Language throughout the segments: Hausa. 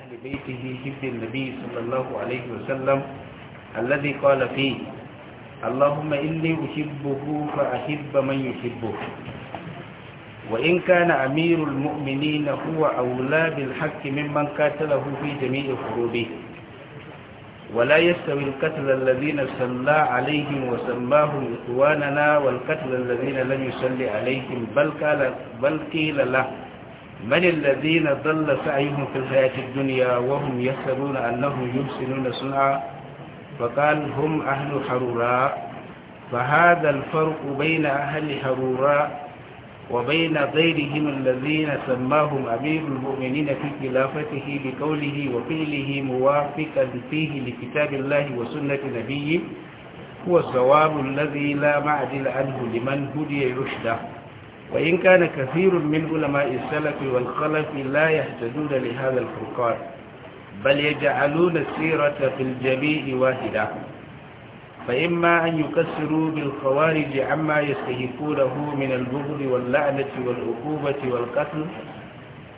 أهل بيته حفظ النبي صلى الله عليه وسلم الذي قال فيه اللهم إني أحبه فأحب من يحبه وإن كان أمير المؤمنين هو أولى بالحق ممن قاتله في جميع حروبه ولا يستوي القتل الذين صلى عليهم وسماهم إخواننا والقتل الذين لم يصلي عليهم بل قال بل قيل له من الذين ضل سعيهم في الحياة الدنيا وهم يسألون أنهم يحسنون صنعا فقال هم أهل حروراء فهذا الفرق بين أهل حروراء وبين غيرهم الذين سماهم أمير المؤمنين في خلافته بقوله وفعله موافقا فيه لكتاب الله وسنة نبيه هو الصواب الذي لا معدل عنه لمن هدي رشده وإن كان كثير من علماء السلف والخلف لا يهتدون لهذا الفرقان بل يجعلون السيرة في الجميع واحدة فإما أن يكسروا بالخوارج عما يستهفونه من البغض واللعنة والعقوبة والقتل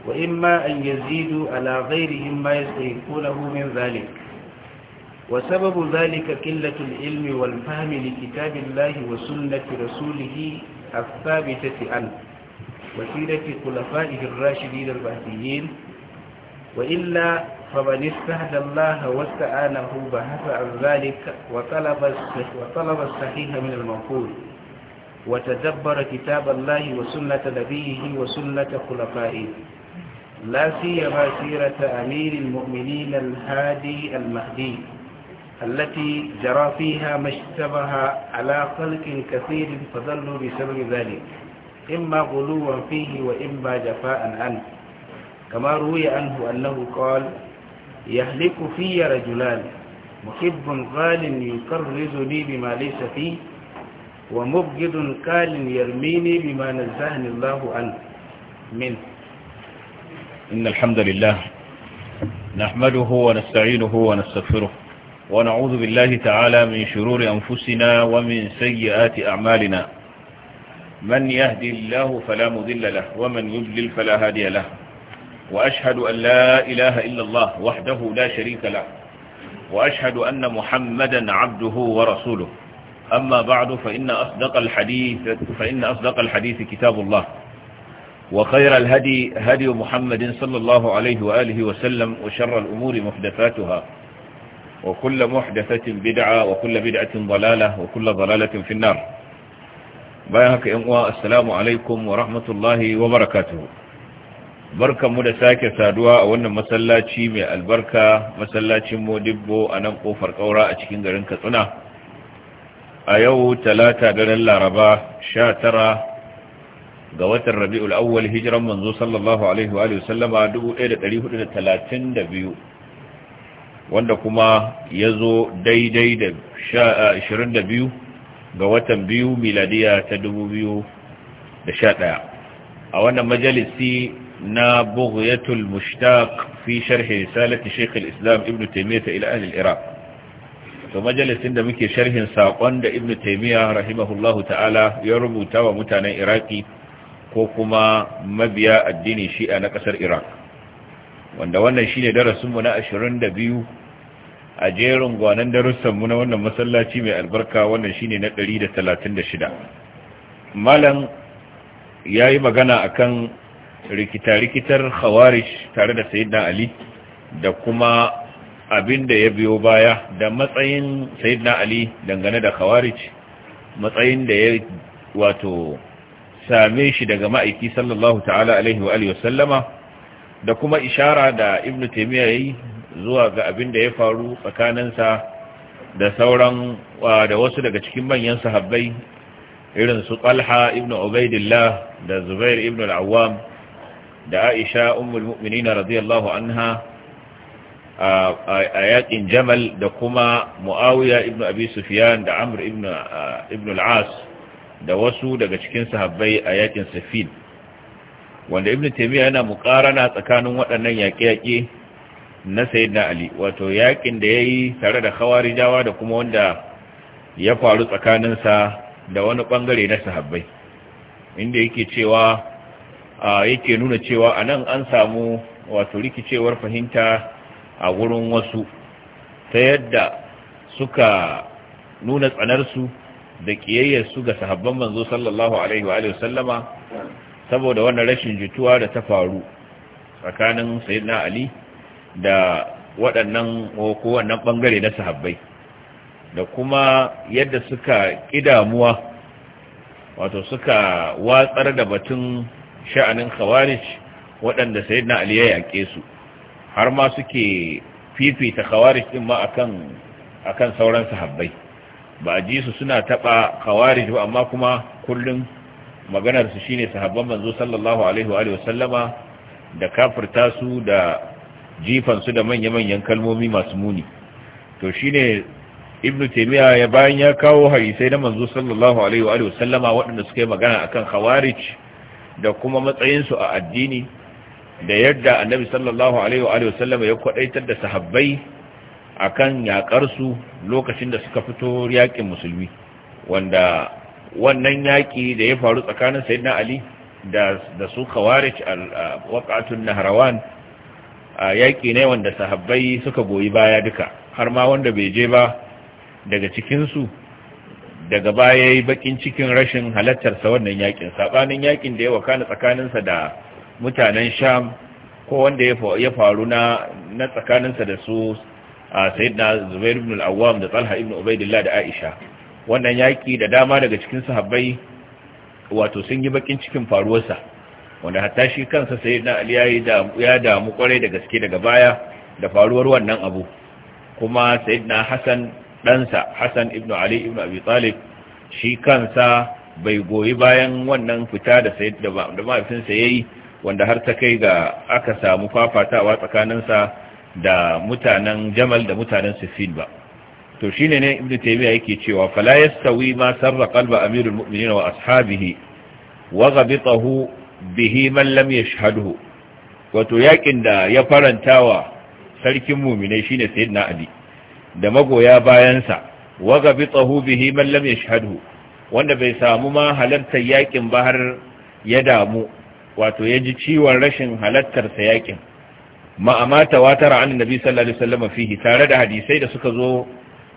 وإما أن يزيدوا على غيرهم ما يستهفونه من ذلك وسبب ذلك قلة العلم والفهم لكتاب الله وسنة رسوله الثابتة عن وسيلة خلفائه الراشدين البعثيين وإلا فمن استهدى الله واستعانه بحث عن ذلك وطلب وطلب الصحيح من المنقول وتدبر كتاب الله وسنة نبيه وسنة خلفائه لا سيما سيرة أمير المؤمنين الهادي المهدي التي جرى فيها ما اشتبه على خلق كثير فظلوا بسبب ذلك إما غلوا فيه وإما جفاء عنه كما روي عنه أنه قال يهلك في رجلان محب غال يكرزني بما ليس فيه ومبجد كال يرميني بما نزهني الله عنه منه إن الحمد لله نحمده ونستعينه ونستغفره ونعوذ بالله تعالى من شرور أنفسنا ومن سيئات أعمالنا من يهدي الله فلا مذل له ومن يضلل فلا هادي له وأشهد أن لا إله إلا الله وحده لا شريك له وأشهد أن محمدا عبده ورسوله أما بعد فإن أصدق الحديث, فإن أصدق الحديث كتاب الله وخير الهدي هدي محمد صلى الله عليه وآله وسلم وشر الأمور محدثاتها وكل محدثة بدعة وكل بدعة ضلالة وكل ضلالة في النار بايهك إنواء السلام عليكم ورحمة الله وبركاته بركة مدساكة سادواء وانا مسلا شيمي البركة مسلا شمو دبو أنمقو فرقورا أشكين غرنك صنع أيو تلاتة دلالة ربا شاترة ga watan rabi'ul awwal hijiran manzo sallallahu alaihi wa sallama 1432 wanda kuma ya zo daidai da 22 ga watan biyu miladiya ta 2011 a wannan majalisi na bughyatul mushtaq fi sharhi risalati shaykh al-islam ibn taymiyyah ila ahli al-iraq to majalisin da muke sharhin sakon da ibn taymiyyah rahimahullahu ta'ala ya rubuta wa mutanen iraki ko kuma mabiya addini shi'a na kasar iraq wanda wannan shine darasinmu na 22 a jerin gwanan darussanmu na wannan masallaci mai albarka wannan shine na 136 malam ya yi magana akan rikita-rikitar khawarij tare da sayyidina ali da kuma abin da ya biyo baya da matsayin sayyidina ali dangane da khawarij matsayin da ya wato same shi daga ma'aiki sallallahu ta'ala alaihi wa sallama da kuma ishara da ibn taimiyya ya yi zuwa ga abin da ya faru tsakaninsa da sauran da wasu daga cikin manyan sahabbai irin su talha ibn ubaidillah da zubair ibn al'awam da aisha ummul mu'minina radiyallahu anha a yakin jamal da kuma muawiya ibn abi da amr ibn al'as da wasu daga cikin sahabbai a yakin safin wanda ibn taymiya yana muqarana tsakanin waɗannan yaƙe-yaƙe na sayyidina ali wato yaƙin da yayi tare da khawarijawa da kuma wanda ya faru tsakanin sa da wani bangare na sahabbai inda yake cewa yake nuna cewa anan an samu wato rikicewar fahimta a gurin wasu ta yadda suka nuna tsanarsu da su ga sahabban manzo sallallahu alaihi wa wasallama saboda wannan rashin jituwa da ta faru tsakanin sayyidina ali da waɗannan ko wannan bangare na sahabbai da kuma yadda suka kidamuwa wato suka watsar da batun sha'anin khawarij waɗanda sayyidina ali ya yake su har ma suke fifita khawarij din ma akan akan sauran sahabbai ba ji su suna taba khawarij ba amma kuma kullum maganar su shine sahabban manzo sallallahu alaihi wa sallama da kafirta su da jifan su da manya-manyan kalmomi masu muni to shine ibnu taymiya ya bayan ya kawo hadisai na manzo sallallahu alaihi wa sallama waɗanda suka yi magana akan khawarij da kuma matsayin su a addini da yadda annabi sallallahu alaihi wa wasallama ya kwadaitar da sahabbai akan yakar su lokacin da suka fito yakin musulmi wanda wannan yaƙi da ya faru tsakanin sayyidina ali da su khawarij al-waqatun nahrawan yaƙi ne wanda sahabbai suka goyi baya duka har ma wanda bai je ba daga cikinsu, daga baya yayi bakin cikin rashin halattar sa wannan yaƙin sabanin yaƙin da ya wakana tsakanin sa da mutanen sham ko wanda ya faru na na tsakanin da su sayyidina zubair ibn al-awwam da talha ibn ubaidillah da aisha wannan yaki da dama daga cikin sahabbai wato sun yi bakin cikin faruwarsa wanda hatta shi kansa sai na ali ya damu kwarai da gaske daga baya da faruwar wannan abu kuma sayyidina hassan ɗansa hassan ibn ali ibn abi talib shi kansa bai goyi bayan wannan fita da da mahaifinsa ya yi wanda har ta kai ga aka samu fafatawa tsakaninsa da mutanen jamal da mutanen Sifil ba to shine ne ibnu taymiya yake cewa fala yastawi ma sarra qalba amirul mu'minin wa ashabihi wa ghabitahu bihi man lam shahadu. wato yakin da ya wa sarkin mu'minai shine sayyidina ali da magoya bayansa wa ghabitahu bihi man lam shahadu. wanda bai samu ma halartar yakin ba har ya damu wato ya ji ciwon rashin halartarsa yakin ma'amata wa tara annabi sallallahu alaihi wasallam fihi tare da hadisai da suka zo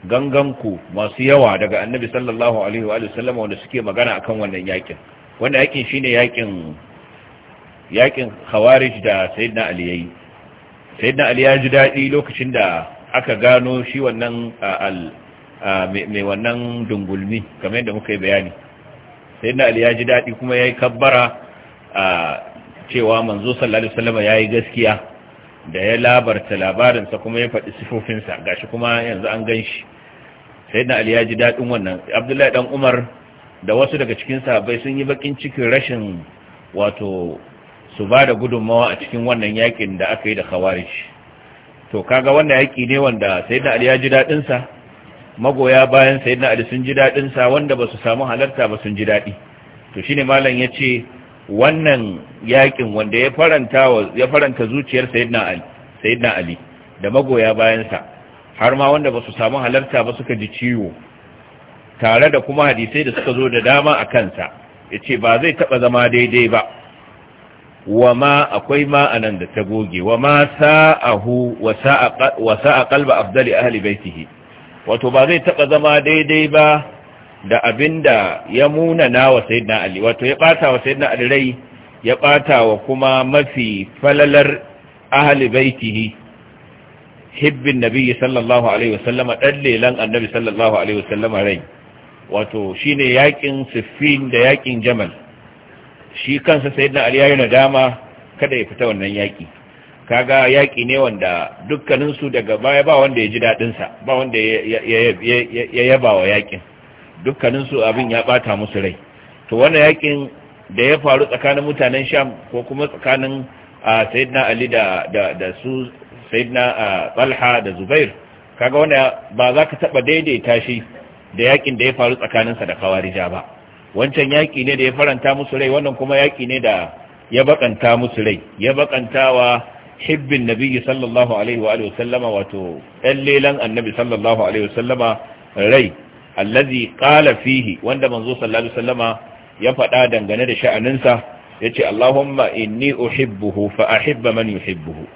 ganganku masu yawa daga annabi sallallahu alaihi wa sallam wanda suke magana akan wannan yakin wanda yakin shine yakin yakin khawarij da sayyidina ali yayi sayyidina ali ya ji dadi lokacin da aka gano shi wannan al mai wannan dungulmi kamar yadda muka yi bayani sayyidina ali ya ji dadi kuma yayi kabbara cewa manzo sallallahu alaihi wasallam yayi gaskiya da ya labarta labarinsa kuma ya faɗi sifofinsa gashi kuma yanzu an gan shi sayyidina ali ya ji dadin wannan abdullahi dan umar da wasu daga cikin sahabbai sun yi bakin cikin rashin wato su ba da gudunmawa a cikin wannan yakin da aka yi da khawarij to kaga wannan yaki ne wanda sayyidina ali ya ji dadin sa magoya bayan sayyidina ali sun ji dadin sa wanda basu samu halarta ba sun ji dadi to shine malam yace wannan yakin wanda ya faranta ya faranta zuciyar sayyidina ali sayyidina ali da magoya bayansa. har ma wanda ba su samu halarta ba suka ji ciwo tare da kuma hadisai da suka zo da dama a kansa ya ce ba zai taɓa zama daidai ba wa ma akwai ma a nan da ta goge wa ma sa'ahu wa sa'a kalba afdali ahli baitihi wato ba zai taɓa zama daidai ba da abinda ya munana wa sayyidina ali wato ya ɓata wa sayyidina ali rai ya ɓata wa kuma mafi falalar ahli baitihi hibbin nabi sallallahu alaihi wasallama dan lelan annabi sallallahu alaihi wasallama rai wato shine yakin siffin da yakin jamal shi kansa sayyidina ali ya yayi nadama kada ya fita wannan yaki kaga yaki ne wanda dukkanin su daga baya ba wanda ya ji dadin sa ba wanda ya yaba wa yakin dukkanin su abin ya bata musu rai to wannan yakin da ya faru tsakanin mutanen sham ko kuma tsakanin ah, sayyidina ali da da su a Talha da Zubair kaga wanda ba za ka taba daidaita shi da yakin da ya faru tsakaninsa da kawarija ba wancan yaki ne da ya faranta musu rai wannan kuma yaki ne da ya bakanta musu rai ya bakantawa hibbin nabi sallallahu alaihi wa alihi wasallama wato ɗan lelan annabi sallallahu alaihi wasallama rai allazi qala fihi wanda manzo sallallahu alaihi wasallama ya faɗa dangane da sha'aninsa yace Allahumma inni uhibbuhu fa ahibba man yuhibbuhu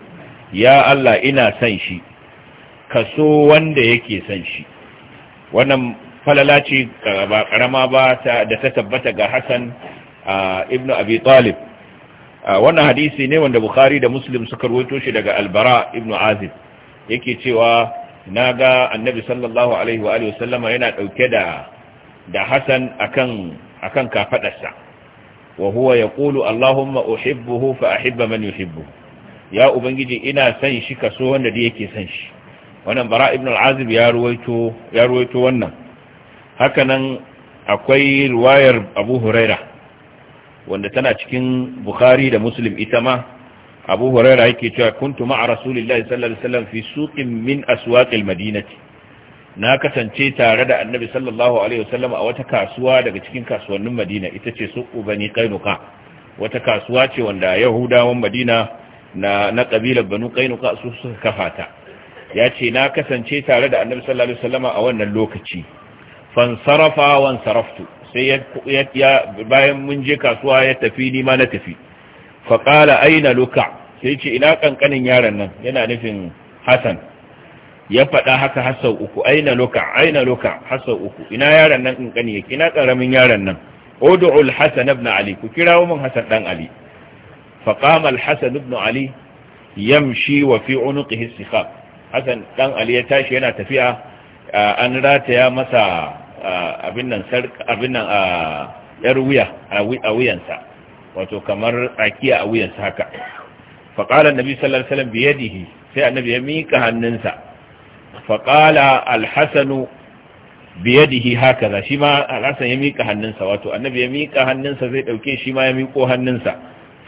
ya Allah ina son shi ka so wanda yake son shi wannan falala ce ba karama ba da ta tabbata ga Hassan ibn Abi Talib wannan hadisi ne wanda Bukhari da Muslim suka rawaito shi daga Al-Bara ibn Azib yake cewa naga Annabi sallallahu alaihi wa alihi wasallama yana dauke da da Hassan akan akan kafadarsa wa huwa yaqulu Allahumma uhibbuhu fa ahibba man yuhibbuhu ya ubangiji ina san shi kaso wanda da yake san shi wannan bara ibn al-azib ya ruwaito ya ruwaito wannan haka nan akwai riwayar abu huraira wanda tana cikin bukhari da muslim ita ma abu huraira yake cewa kuntu ma'a rasulillahi sallallahu alaihi wasallam fi suqin min al madinati na kasance tare da annabi sallallahu alaihi wasallam a wata kasuwa daga cikin kasuwannin madina ita ce suqu bani qainuqa wata kasuwa ce wanda yahudawan madina na na kabilar banu qainuka su suka kafata yace na kasance tare da annabi sallallahu alaihi wasallama a wannan lokaci sarafa wan saraftu sai ya bayan mun je kasuwa ya tafi ni ma na tafi fa qala aina luka sai ce ina kankanin yaron nan yana nufin hasan ya faɗa haka hasau uku aina luka aina luka hasau uku ina yaron nan kankani yake ina karamin yaron nan ud'u al-hasan ibn ali ku kirawo mun hasan dan ali فقام الحسن بن علي يمشي وفي عنقه السخاب حسن دان علي ya tashi yana tafiya an rataya masa abin wuya a wuyansa wato kamar tsakiya a wuyansa haka faqala annabi sallallahu alaihi wasallam bi sai annabi ya mika hannunsa faqala al-hasan bi yadihi shi ma al ya mika hannunsa wato annabi ya mika hannunsa zai dauke shi ma ya miko hannunsa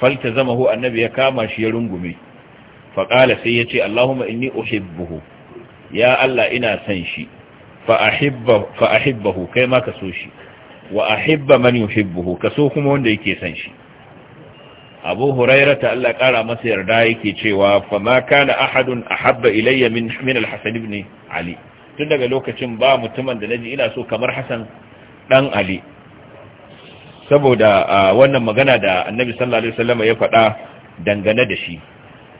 falta zama hu annabi ya kama shi ya rungume faƙala sai ya ce Allahumma inni uhibbuhu ya Allah ina san shi fa'ahibbahu kai ma ka so shi wa ahibba man yuhibbuhu ka so kuma wanda yake san shi abu huraira ta Allah ƙara masa yarda yake cewa fa ma kana ahadun ahabba ilayya min min al ibn ali tun daga lokacin ba mutumin da naji ina so kamar hasan dan ali saboda wannan magana da annabi sallallahu alaihi wasallam ya faɗa dangane da shi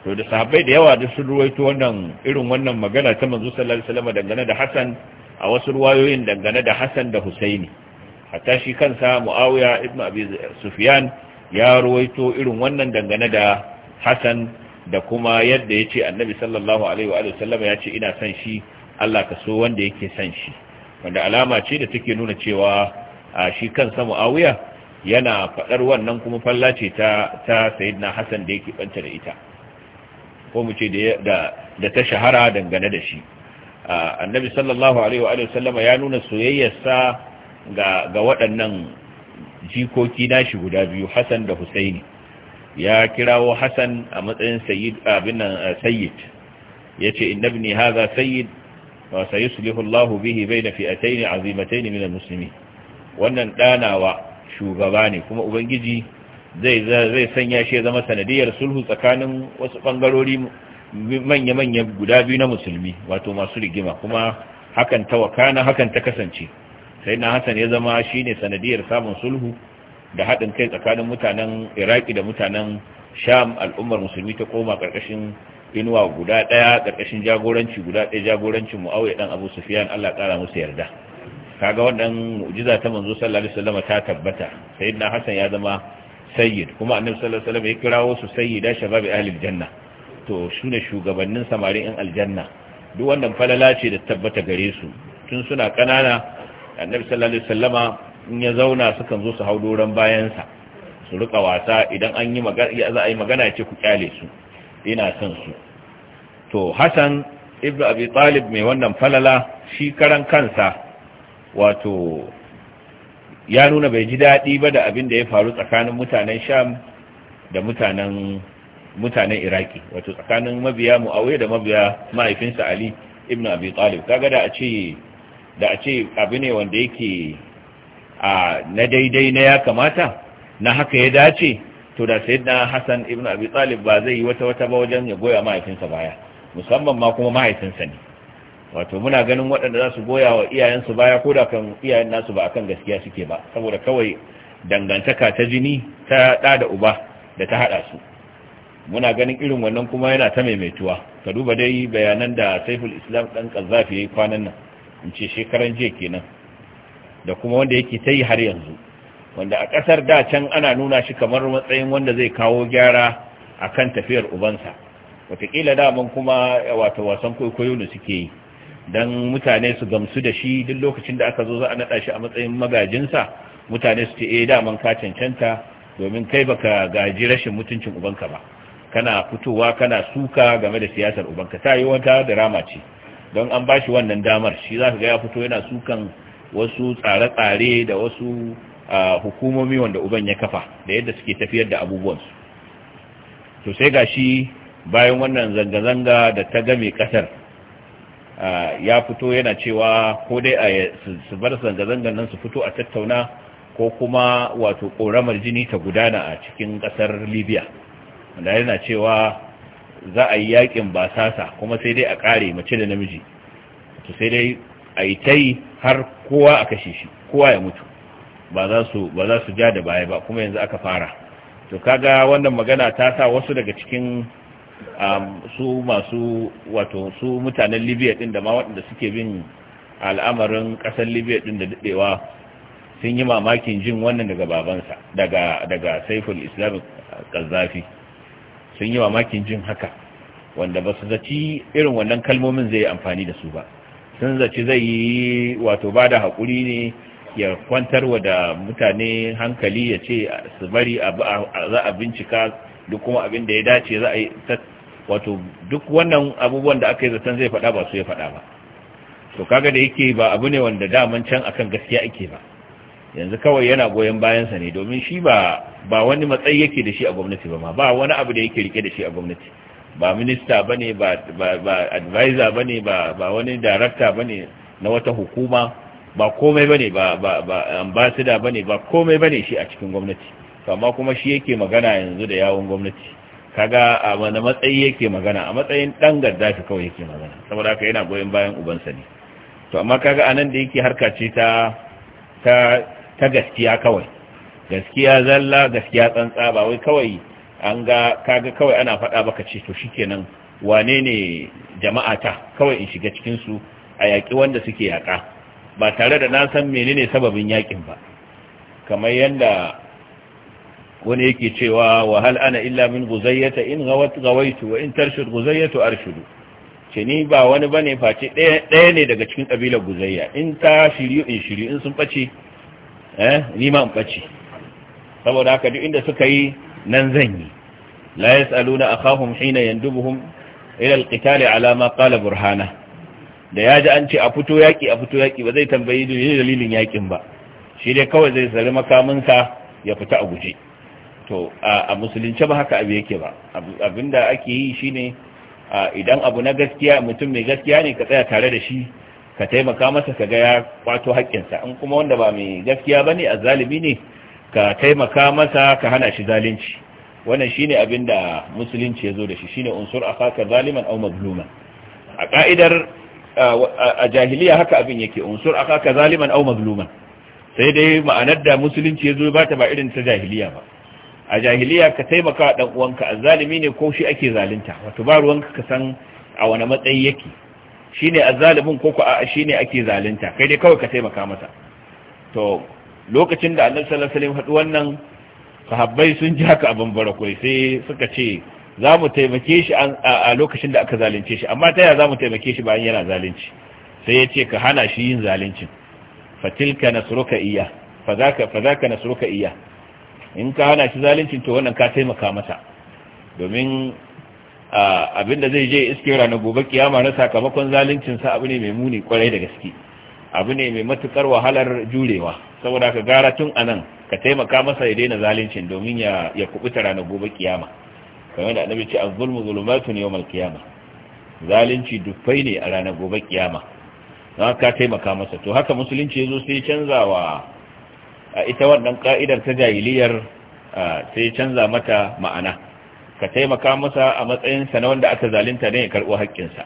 to da sahabbai da yawa da sun ruwaito wannan irin wannan magana ta manzo sallallahu alaihi wasallam dangane da Hassan a wasu ruwayoyin dangane da Hassan da Husaini hatta shi kansa Muawiya ibn Abi Sufyan ya ruwaito irin wannan dangane da Hassan da kuma yadda yace Annabi sallallahu alaihi wa sallam ya ce ina son shi Allah ka so wanda yake son shi wanda alama ce da take nuna cewa shi kansa Muawiya yana faɗar wannan kuma fallace ta ta sayyidina Hassan da yake banta da ita ko mu ce da da ta shahara dangane da shi annabi sallallahu alaihi wa sallama ya nuna soyayyarsa ga ga waɗannan jikoki nashi guda biyu Hassan da Husaini ya kirawo Hassan a matsayin sayyid abin nan sayyid yace inna ibni hadha sayyid wa sayuslihu Allahu bihi bayna fi'atayn azimatayn min al-muslimin wannan danawa shugaba ne kuma ubangiji zai zai sanya shi ya zama sanadiyar sulhu tsakanin wasu bangarori manya-manya guda biyu na musulmi wato masu rigima kuma hakan ta wakana hakan ta kasance sai na hasan ya zama shine sanadiyar samun sulhu da haɗin kai tsakanin mutanen iraki da mutanen sham al'ummar musulmi ta koma ƙarƙashin inuwa guda ɗaya ƙarƙashin jagoranci guda ɗaya jagorancin mu'awiyar ɗan abu sufiyan allah ƙara musu yarda kaga wannan mu'jiza ta manzo sallallahu alaihi wasallam ta tabbata sayyidina hasan ya zama sayyid kuma annabi sallallahu alaihi wasallam ya kirawo su sayyida shababi ahli aljanna to shine shugabannin samarin aljanna duk wannan falala ce da tabbata gare su tun suna kanana annabi sallallahu alaihi wasallama in ya zauna sukan zo su hau doron bayansa su rika wasa idan an yi magana za a yi magana ce ku kyale su ina son su to hasan ibnu abi talib mai wannan falala shi karan kansa wato ya nuna bai ji daɗi ba da abin da ya faru tsakanin mutanen sham da mutanen mutanen iraki wato tsakanin mabiya mu'awiyya da mabiya mahaifinsa ali ibn abi talib kaga da a ce da a ce abu ne wanda yake a na daidai na ya kamata na haka ya dace to da na hasan ibn abi talib ba zai yi wata wata ba wajen ya goya mahaifinsa baya musamman ma kuma mahaifinsa ne wato muna ganin waɗanda za su goya wa iyayensu baya ko da kan iyayen nasu ba akan gaskiya suke ba saboda kawai dangantaka ta jini ta ɗa da uba da ta haɗa su muna ganin irin wannan kuma yana ta maimaituwa ka duba dai bayanan da saiful islam ɗan ƙazafi ya yi kwanan nan in ce shekaran jiya kenan da kuma wanda yake ta yi har yanzu wanda a ƙasar da can ana nuna shi kamar matsayin wanda zai kawo gyara akan tafiyar ubansa wataƙila daman kuma wato wasan kwaikwayo ne suke yi don mutane su gamsu da shi duk lokacin da aka zo za a naɗa shi a matsayin magajinsa mutane su ce eh daman ka cancanta domin kai baka gaji rashin mutuncin ubanka ba kana fitowa kana suka game da siyasar ubanka ta yi wata drama ce don an bashi wannan damar shi za ka ga ya fito yana sukan wasu tsare-tsare da wasu hukumomi wanda uban ya kafa da yadda suke tafiyar da abubuwansu to sai ga shi bayan wannan zanga-zanga da ta game kasar ya fito yana cewa ko dai a su bar zanga-zangan nan su fito a tattauna ko kuma wato ƙoramar jini ta gudana a cikin ƙasar libya da yana cewa za a yi yakin basasa sasa kuma sai dai a kare mace da namiji to sai dai a yi ta yi har kowa a kashe shi kowa ya mutu ba za su ja da baya ba kuma yanzu aka fara to kaga wannan magana ta sa wasu daga cikin su masu wato su mutanen libya din da ma waɗanda suke bin al'amarin ƙasar libya din da daɗewa sun yi mamakin jin wannan daga babansa daga daga saiful islam ƙazafi sun yi mamakin jin haka wanda ba su zaci irin wannan kalmomin zai amfani da su ba sun zaci zai yi wato ba da haƙuri ne ya kwantarwa da mutane hankali ya ce su bari za a bincika duk kuma abin da ya dace za a yi wato duk wannan abubuwan da aka yi zaton zai faɗa ba su ya faɗa ba to kaga da yake ba abu ne wanda daman can akan gaskiya ake ba yanzu kawai yana goyon bayansa ne domin shi ba ba wani matsayi yake da shi a gwamnati ba ma ba wani abu da yake rike da shi a gwamnati ba minista bane ba ba advisor bane ba ba wani director bane na wata hukuma ba komai bane ba ba ambassador bane ba komai bane shi a cikin gwamnati amma kuma shi yake magana yanzu da yawon gwamnati kaga a wani matsayi yake magana a matsayin dan shi kawai yake magana saboda haka yana goyon bayan ubansa ne to amma kaga anan da yake harka ce ta ta ta gaskiya kawai gaskiya zalla gaskiya tsantsa ba wai kawai an ga kaga kawai ana faɗa baka ce to shikenan wane ne jama'a ta kawai in shiga cikin su a yaƙi wanda suke yaƙa ba tare da na san menene sababin yaƙin ba kamar yadda wani yake cewa wa hal ana illa min guzayyata in gawat gawaitu wa in tarshid guzayyatu arshidu ce ni ba wani bane face ɗaya ne daga cikin kabilar guzayya in ta shiryu in shiryu in sun bace eh ni ma in bace saboda haka duk inda suka yi nan zan yi la yasaluna akhahum hina yandubuhum ila alqital ala ma qala burhana da yaji an ce a fito yaki a fito yaki ba zai tambayi dalilin yakin ba shi dai kawai zai sari makaminsa ya fita a guje to a musulunce ba haka abu yake ba abinda ake yi shine idan abu na gaskiya mutum mai gaskiya ne ka tsaya tare da shi ka taimaka masa ka gaya ya kwato haƙƙinsa in kuma wanda ba mai gaskiya ba ne a zalimi ne ka taimaka masa ka hana shi zalunci wannan shine abin da musulunci ya zo da shi shine unsur akaka zaliman aw mazluman a ka'idar a jahiliya haka abin yake unsur akaka zaliman aw mazluman sai dai ma'anar da musulunci ya zo ba ta ba irin ta jahiliya ba a jahiliya ka taimaka dan uwanka zalimi ne ko shi ake zalunta wato ba ruwanka ka san a wani matsayi yake shine azzalimin ko ko a shine ake zalunta kai dai kawai ka taimaka masa to lokacin da annabi sallallahu alaihi wasallam wannan sahabbai sun ji haka abin barakwai sai suka ce za mu taimake shi a lokacin da aka zalunce shi amma ta yaya za mu taimake shi bayan yana zalunci sai ya ce ka hana shi yin zaluncin fatilka nasruka iya iya in ka hana shi zalincin to wannan ka taimaka masa domin abin da zai je iske ranar gobe kiyama na sakamakon zaluncinsa abu ne mai muni kwarai da gaske abu ne mai matukar wahalar jurewa saboda ka gara tun a nan ka taimaka masa ya daina zaluncin domin ya kubuta ranar gobe kiyama kamar da annabi ce az-zulmu zulumatun yawmal kiyama zalunci dufai ne a ranar gobe kiyama na ka taimaka masa to haka musulunci ya zo sai canzawa ita wannan ka'idar ta jahiliyar sai canza mata ma'ana ka taimaka masa a matsayinsa na wanda aka zalunta ne ya hakkin sa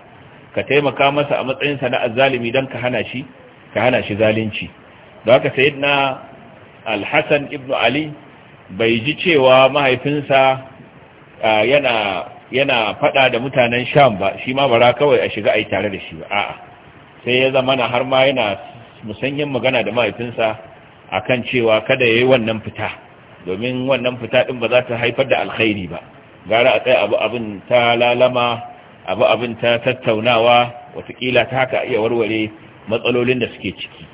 ka taimaka masa a matsayinsa na azzalimi don ka hana shi ka hana shi zalunci don haka sayyidina alhassan Ibn ali bai ji cewa mahaifinsa yana yana fada da mutanen sham ba shi ma bara kawai a shiga a tare da shi ba a'a sai ya zama na har ma yana musanyen magana da mahaifinsa akan cewa kada yayi wannan fita domin wannan fita din ba za ta haifar da alkhairi ba gara a tsaya abu abin ta lalama abu abin ta tattaunawa watakila ta haka iya warware matsalolin da suke ciki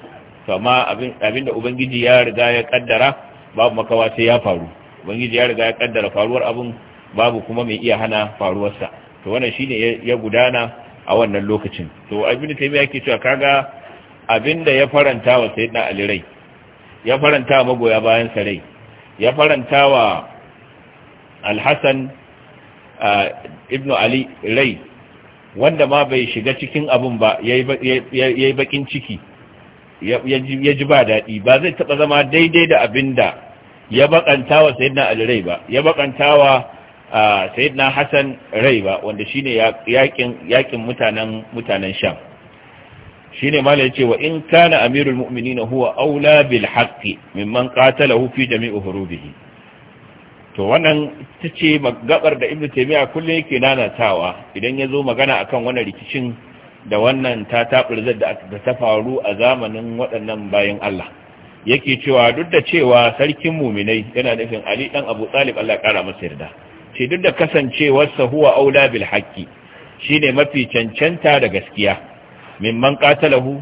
amma abin da ubangiji ya riga ya kaddara babu makawa sai ya faru ubangiji ya riga ya kaddara faruwar abin babu kuma mai iya hana faruwarsa to wannan shine ya gudana a wannan lokacin to abin da taimi yake cewa kaga abin da ya faranta wa sayyidina ali rai ya faranta magoya bayan sarai ya faranta wa alhassan ibn ali rai wanda ma bai shiga cikin abun ba ya yi bakin ciki ya ji ba daɗi ba zai taɓa zama daidai da abin da ya bakanta wa sayidina ali rai ba ya bakanta wa sayidina hassan rai ba wanda shine yakin mutanen mutanen sham shine ya ce wa in kana amirul na huwa aula bil haqqi mimman qatalahu fi jami'i hurubihi to wannan tace gabar da ibnu taymiya kullun yake nanatawa idan ya zo magana akan wannan rikicin da wannan ta taburzar da ta faru a zamanin waɗannan bayan Allah yake cewa duk da cewa sarkin muminai yana nufin Ali dan Abu Talib Allah kara masa yarda ce duk da kasancewarsa huwa aula bil haqqi shine mafi cancanta da gaskiya mimman qatalahu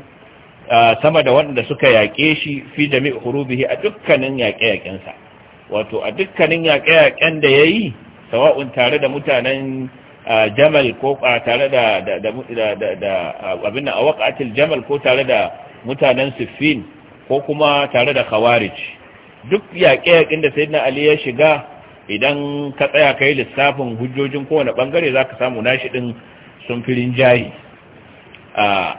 sama da waɗanda suka yaƙe shi fi da mai hurubihi a dukkanin yaƙe-yaƙensa wato a dukkanin yaƙe-yaƙen da ya yi sawa'un tare da mutanen jamal ko tare da abin da a waƙatil jamal ko tare da mutanen siffin ko kuma tare da khawarij duk yaƙe-yaƙen da sayyidina ali ya shiga idan ka tsaya kai lissafin hujjojin kowane ɓangare za ka samu nashi ɗin sun firin jayi a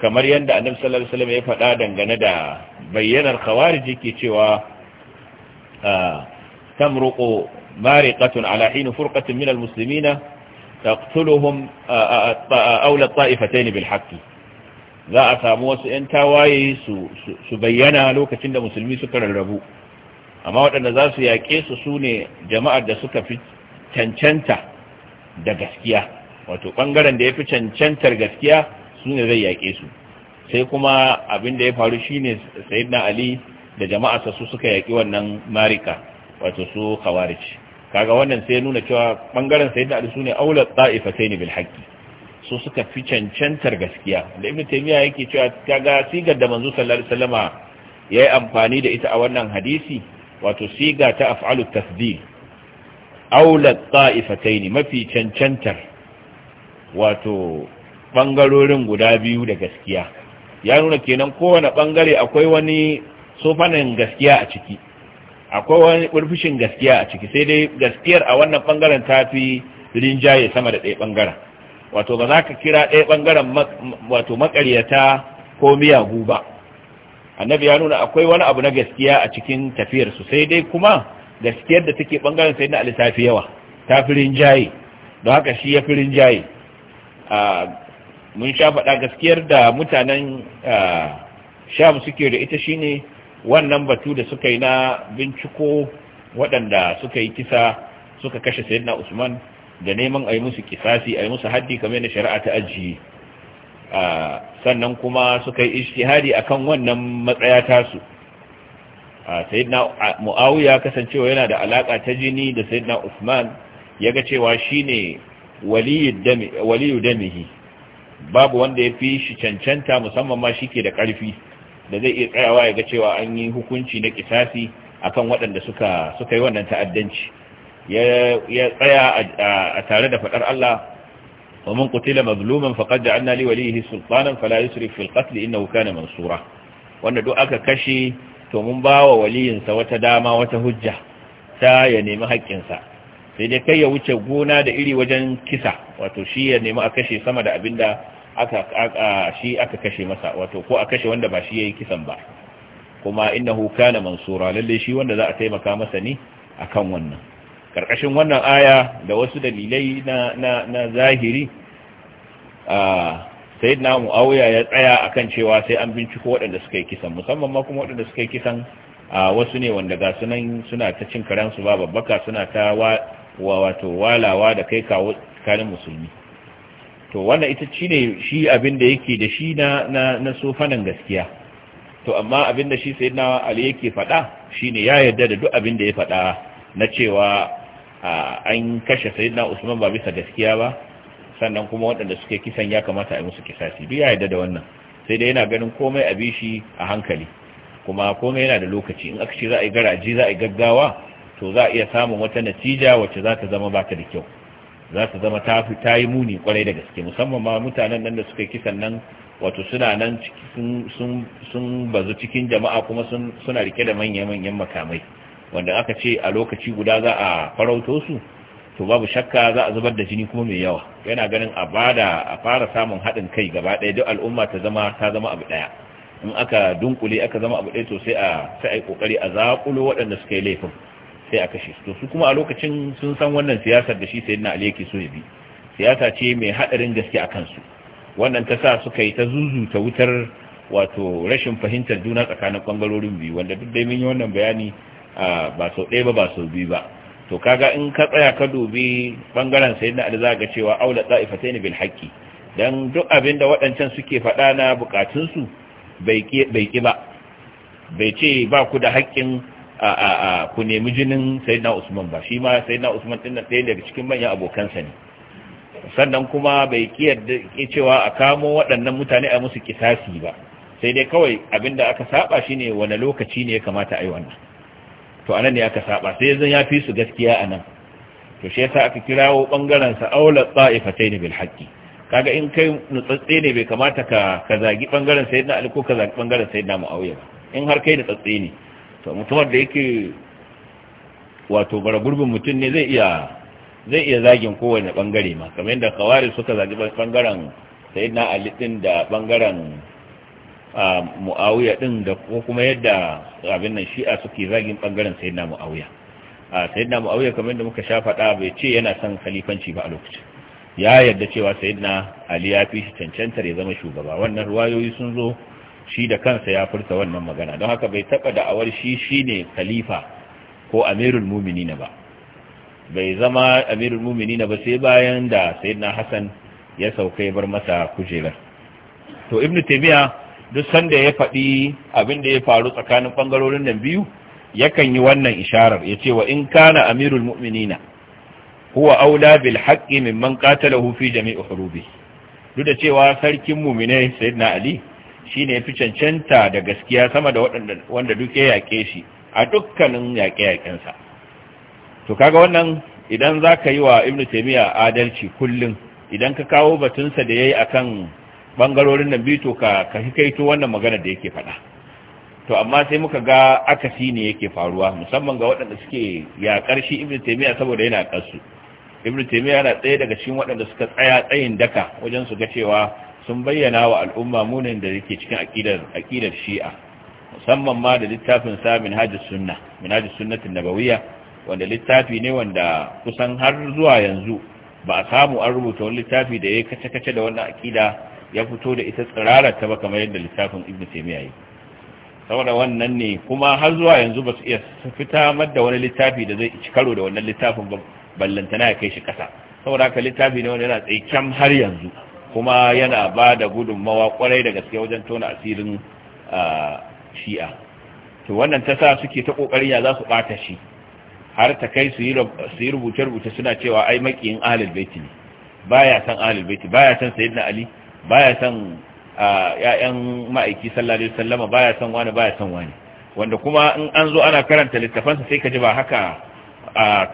kamar yadda annabi sallallahu alaihi wasallam ya faɗa dangane da bayyanar khawarij ke cewa tamruqu mariqatun ala hin furqatin min almuslimina taqtuluhum awla ta'ifatayn bil haqq za a samu wasu ‘yan tawaye su bayyana lokacin da musulmi suka rarrabu amma waɗanda za su yaƙe su su ne jama'ar da suka fi cancanta da gaskiya wato ɓangaren da ya fi cancantar gaskiya su ne zai yaƙe su sai kuma abin da ya faru shine sayidna ali da jama'arsa su suka yaƙi wannan marika wato su khawarij kaga wannan sai nuna cewa ɓangaren sayidna ali su sune aula ta'ifatain bil haqqi su suka fi cancantar gaskiya da ibnu taymiya yake cewa kaga sigar da manzo sallallahu alaihi wasallama yayi amfani da ita a wannan hadisi wato siga ta af'alu tasdil aula ta'ifatain mafi cancantar wato Bangarorin guda biyu da gaskiya ya nuna kenan kowane ɓangare akwai wani sofanin gaskiya a ciki akwai wani ɓurfishin gaskiya a ciki sai dai gaskiyar a wannan ɓangaren ta fi rinjaye sama da ɗaya ɓangaren wato ba za ka kira ɗaya ɓangaren wato maƙaryata ko miyagu ba annabi ya nuna akwai wani abu na gaskiya a cikin tafiyarsu sai dai kuma gaskiyar da take ɓangaren sai na alisafi yawa ta fi rinjaye don haka shi ya fi rinjaye ah, mun sha faɗa gaskiyar da mutanen sham suke da ita shine wannan batu da suka yi na binciko waɗanda suka yi kisa suka kashe sayyidina usman da neman a yi musu kisasi a yi musu haddi kamar da shari'a ta ajiye sannan kuma suka yi ishtihadi akan wannan matsaya tasu sayyidina muawiya kasancewa yana da alaƙa ta jini da sayyidina usman ya ga cewa shine ne waliyu damihi babu wanda ya fi shi cancanta musamman ma shi ke da ƙarfi da zai iya tsayawa ya ga cewa an yi hukunci na kisasi akan waɗanda suka suka yi wannan ta'addanci ya tsaya a tare da faɗar Allah ومن قتل مظلوما فقد جعلنا لوليه سلطانا فلا يسرف في القتل انه كان منصورا wanda duk aka kashe to mun waliyin sa wata dama wata hujja ta ya nemi haƙƙinsa sai dai kai ya wuce gona da iri wajen kisa wato shi ya nemi a kashe sama da abinda aka shi aka kashe masa wato ko a kashe wanda ba shi yayi kisan ba kuma innahu kana mansura lalle shi wanda za a taimaka masa ne akan wannan karkashin wannan aya da wasu dalilai na na na zahiri a sayyidina muawiya ya tsaya akan cewa sai an binciko waɗanda suka yi kisan musamman ma kuma waɗanda suka yi kisan a wasu ne wanda ga sunan suna ta cin karansu ba babbaka suna ta wato walawa da kai kawo kanin musulmi to wannan ita ci ne shi abin da yake da shi na na sofanan gaskiya to amma abin da shi sayyidina ali yake faɗa shine ya yarda da duk abin da ya faɗa na cewa an kashe sayyidina usman ba bisa gaskiya ba sannan kuma waɗanda suke kisan ya kamata a yi musu kisasi duk ya yarda da wannan sai dai yana ganin komai a bi shi a hankali kuma komai yana da lokaci in aka ce za a yi garaji za a yi gaggawa to za a iya samun wata natija wacce za ta zama ba ta da kyau za ta zama ta yi muni kwarai da gaske musamman ma mutanen nan da suka kisan nan wato suna nan sun bazu cikin jama'a kuma suna rike da manya-manyan makamai wanda aka ce a lokaci guda za a farauto su to babu shakka za a zubar da jini kuma mai yawa yana ganin a bada a fara samun haɗin kai gaba ɗaya duk al'umma ta zama ta zama abu ɗaya in aka dunkule aka zama abu ɗaya to sai a sai a yi ƙoƙari a zaƙulo waɗanda suka yi laifin sai a kashe su to su kuma a lokacin sun san wannan siyasar da shi sayyidina ali yake so ya bi siyasa ce mai hadarin gaske a kansu wannan ta sa suka yi ta zuzuta wutar wato rashin fahimtar juna tsakanin bangarorin biyu wanda duk dai mun yi wannan bayani ba sau ɗaya ba ba sau biyu ba to kaga in ka tsaya ka dubi bangaren sayyidina ali za ga cewa aula ta'ifatayn bil haqqi dan duk abin da waɗancan suke faɗa na bukatun su bai ki ba bai ce ba ku da haƙƙin ku nemi jinin sayyidina usman ba shi ma sayyidina usman din nan daga cikin manyan abokansa ne sannan kuma bai kiyarda cewa a kamo waɗannan mutane a musu kisasi ba sai dai kawai abinda aka saba ne wani lokaci ne ya kamata a yi wannan to anan ne aka saba sai yanzu ya fi su gaskiya anan to shi yasa aka kirawo bangaren sa aula ne bil haqqi kaga in kai nutsatse ne bai kamata ka ka zagi bangaren sayyidina ali ko ka zagi bangaren sayyidina muawiya ba in har kai da tsatse ne to mutum da yake wato bara gurbin mutum ne zai iya zai iya zagin kowane bangare ma kamar yadda kawari suka zagi bangaren sayyidina ali din da bangaren muawiya din da ko kuma yadda abin nan shi'a suke zagin bangaren sayyidina muawiya a sayyidina muawiya kamar yadda muka sha faɗa bai ce yana son khalifanci ba a lokacin ya yarda cewa sayyidina ali ya fi cancantar ya zama shugaba wannan ruwayoyi sun zo shi da kansa ya furta wannan magana don haka bai taba da'awar shi shine khalifa ko amirul Muminina ba bai zama amirul Muminina ba sai bayan da sayyidina hasan ya sauka bar masa kujerar to ibnu taymiya duk sanda ya faɗi abin da ya faru tsakanin bangarorin nan biyu yakan yi wannan isharar yace wa in kana amirul mu'minina huwa aula bil haqqi mimman qatalahu fi jami'i hurubi duk da cewa sarkin mu'minai sayyidina ali Shi ne fi cancanta da gaskiya sama da wanda duk ya yake shi a dukkanin yaƙe-yaƙensa to kaga wannan idan za ka yi wa ibn taimiyya adalci kullum idan ka kawo batunsa da ya yi a kan ɓangarorin nan bito ka kaito wannan magana da yake faɗa to amma sai muka ga akasi ne yake faruwa musamman ga waɗanda suke yaƙar shi ibn taimiyya saboda yana ƙarsu ibn taimiyya yana tsaye daga cikin waɗanda suka tsaya tsayin daka wajen su ga cewa sun bayyana wa al'umma munin da yake cikin aqidar aqidar shi'a musamman ma da littafin sa minhajus sunna minhajus sunnatin nabawiyya wanda littafi ne wanda kusan har zuwa yanzu ba a samu an rubuta wani littafi da ya kace kace da wannan aqida ya fito da ita tsirara ta ba kamar yadda littafin ibn taymiya yi saboda wannan ne kuma har zuwa yanzu ba su iya fita madda wani littafi da zai ci karo da wannan littafin ballantana ya kai shi kasa saboda haka littafi ne wanda yana tsaye har yanzu kuma yana ba da gudunmawa kwarai da gaske wajen tona asirin shi'a to wannan ta sa suke ta kokarin ya za su ɓata shi har ta kai su yi rubuce-rubuce suna cewa ai makiyin ahalil baiti ne baya san ahalil baiti baya san sayidina ali baya san ƴaƴan ma'aiki sallallahu alaihi wasallama baya san wani baya san wani wanda kuma in an zo ana karanta littafansa sai ka ji ba haka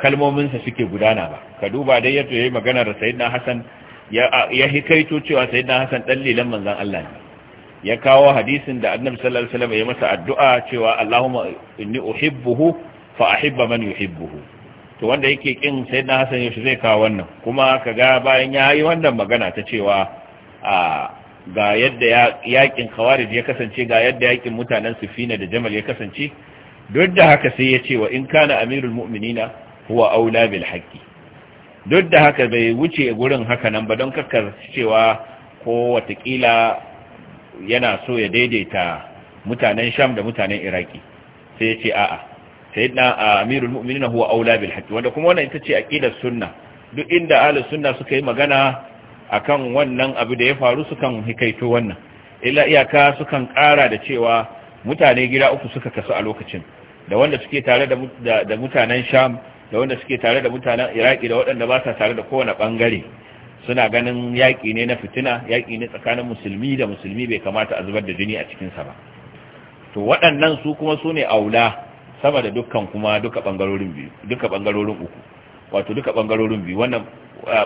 kalmominsa suke gudana ba ka duba dai yadda yayi maganar sayyidina Hassan. ya hikaito cewa sai dan hasan dan manzon Allah ne ya kawo hadisin da annabi sallallahu alaihi wasallam ya masa addu'a cewa Allahumma inni uhibbuhu fa ahibba man yuhibbuhu to wanda yake kin sai dan hasan yaushe zai kawo wannan kuma kaga bayan ya yi wannan magana ta cewa a ga yadda yakin khawarij ya kasance ga yadda yakin mutanen sufina da jamal ya kasance duk da haka sai ya ce wa in kana amirul mu'minina huwa aula bil haqqi duk da haka bai wuce gurin haka nan ba don kakar cewa ko watakila yana so ya daidaita mutanen sham da mutanen iraki sai ya ce a'a sai na amirul mu'minin huwa aula bil haqq wanda kuma wannan ita ce aqidar sunna duk inda ahlus sunna suka yi magana akan wannan abu da ya faru sukan hikaito wannan illa iyaka sukan ƙara da cewa mutane gida uku suka kasu a lokacin da wanda suke tare da mutanen sham da wanda suke tare da mutanen iraki da waɗanda ba sa tare da kowane ɓangare suna ganin yaƙi ne na fitina yaƙi ne tsakanin musulmi da musulmi bai kamata a zubar da jini a cikinsa ba to waɗannan su kuma su ne aula sama da dukkan kuma duka ɓangarorin biyu duka ɓangarorin uku wato duka ɓangarorin biyu wannan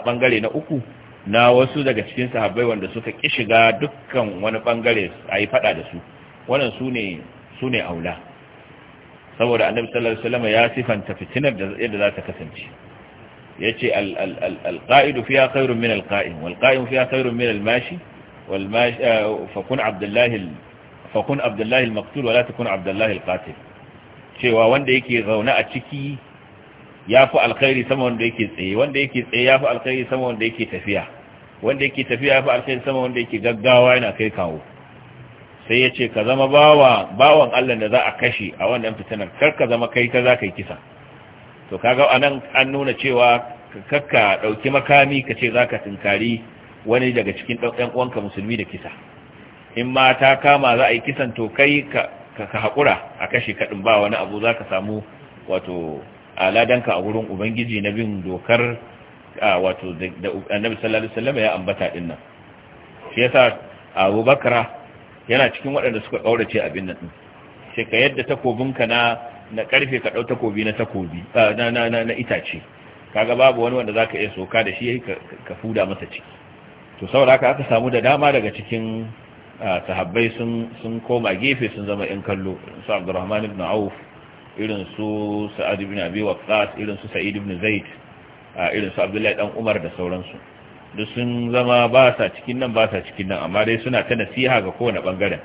ɓangare na uku na wasu daga cikin sahabbai wanda suka ƙi shiga dukkan wani ɓangare a yi faɗa da su wannan su ne su ne aula saboda annabi sallallahu alaihi wasallam ya sifanta fitinar da yadda za ta kasance yace al al al al qa'idu fiha khairun min al qa'im wal qa'im fiha khairun min al mashi wal mashi eh, fa kun abdullah fa kun abdullah al maqtul wa la takun abdullah al qatil cewa wanda yake zauna a ciki yafi alkhairi sama wanda yake tsaye wanda yake tsaye yafi alkhairi sama wanda yake tafiya wanda yake tafiya yafi alkhairi sama wanda yake gaggawa yana kai kawo sai ya ce ka zama bawan Allah da za a kashe a wannan fitinar kar ka zama kai ta za ka yi kisa to kaga anan an nuna cewa kakka ɗauki makami ka ce za ka tunkari wani daga cikin ɗan uwanka musulmi da kisa in ma ta kama za a yi kisan to kai ka haƙura a kashe kaɗin ba wani abu za ka samu wato aladanka a wurin ubangiji na bin dokar wato da annabi sallallahu alaihi wasallam ya ambata ɗin shi yasa abubakar yana cikin waɗanda suka ƙaurace abin nan sai ka yadda takobinka na na ƙarfe ka ɗau takobi na takobi na itace kaga babu wani wanda zaka iya soka da shi ka fuda masa ciki to saboda haka aka samu da dama daga cikin sahabbai sun sun koma gefe sun zama yan kallo su Abdurrahman ibn Auf irin su Sa'ad ibn Abi Waqqas irin su Sa'id ibn Zaid irin su Abdullahi dan Umar da sauransu duk sun zama ba sa cikin nan ba sa cikin nan amma dai suna ta nasiha ga kowane bangaren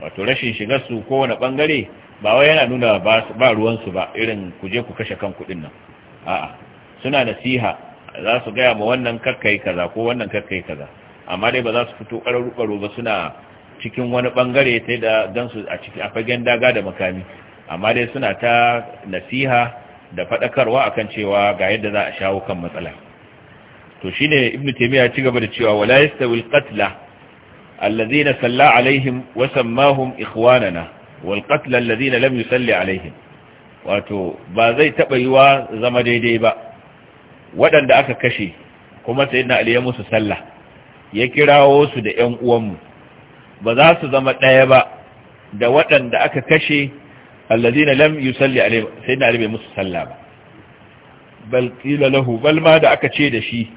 wato rashin shigar su kowane bangare ba wai yana nuna ba ruwansu ba irin ku je ku kashe kan kuɗin nan a'a suna nasiha za su gaya ma wannan yi kaza ko wannan yi kaza amma dai ba za su fito ƙararru ba suna cikin wani bangare ta da dan su a ciki a fagen daga da makami amma dai suna ta nasiha da faɗakarwa akan cewa ga yadda za a shawo kan matsala to shine ibnu taymiya ya ci gaba da cewa wala yastawil qatla alladhina salla alaihim wa sammahum ikhwanana wal qatla alladhina lam yusalli alaihim wato ba zai taba yiwa zama daidai ba waɗanda aka kashe kuma sayyidina ali ya musu sallah ya kirawo su da ƴan uwanmu ba za su zama ɗaya ba da waɗanda aka kashe alladhina lam yusalli alaihim sayyidina ali bai musu sallah ba bal qila lahu bal ma da aka ce da shi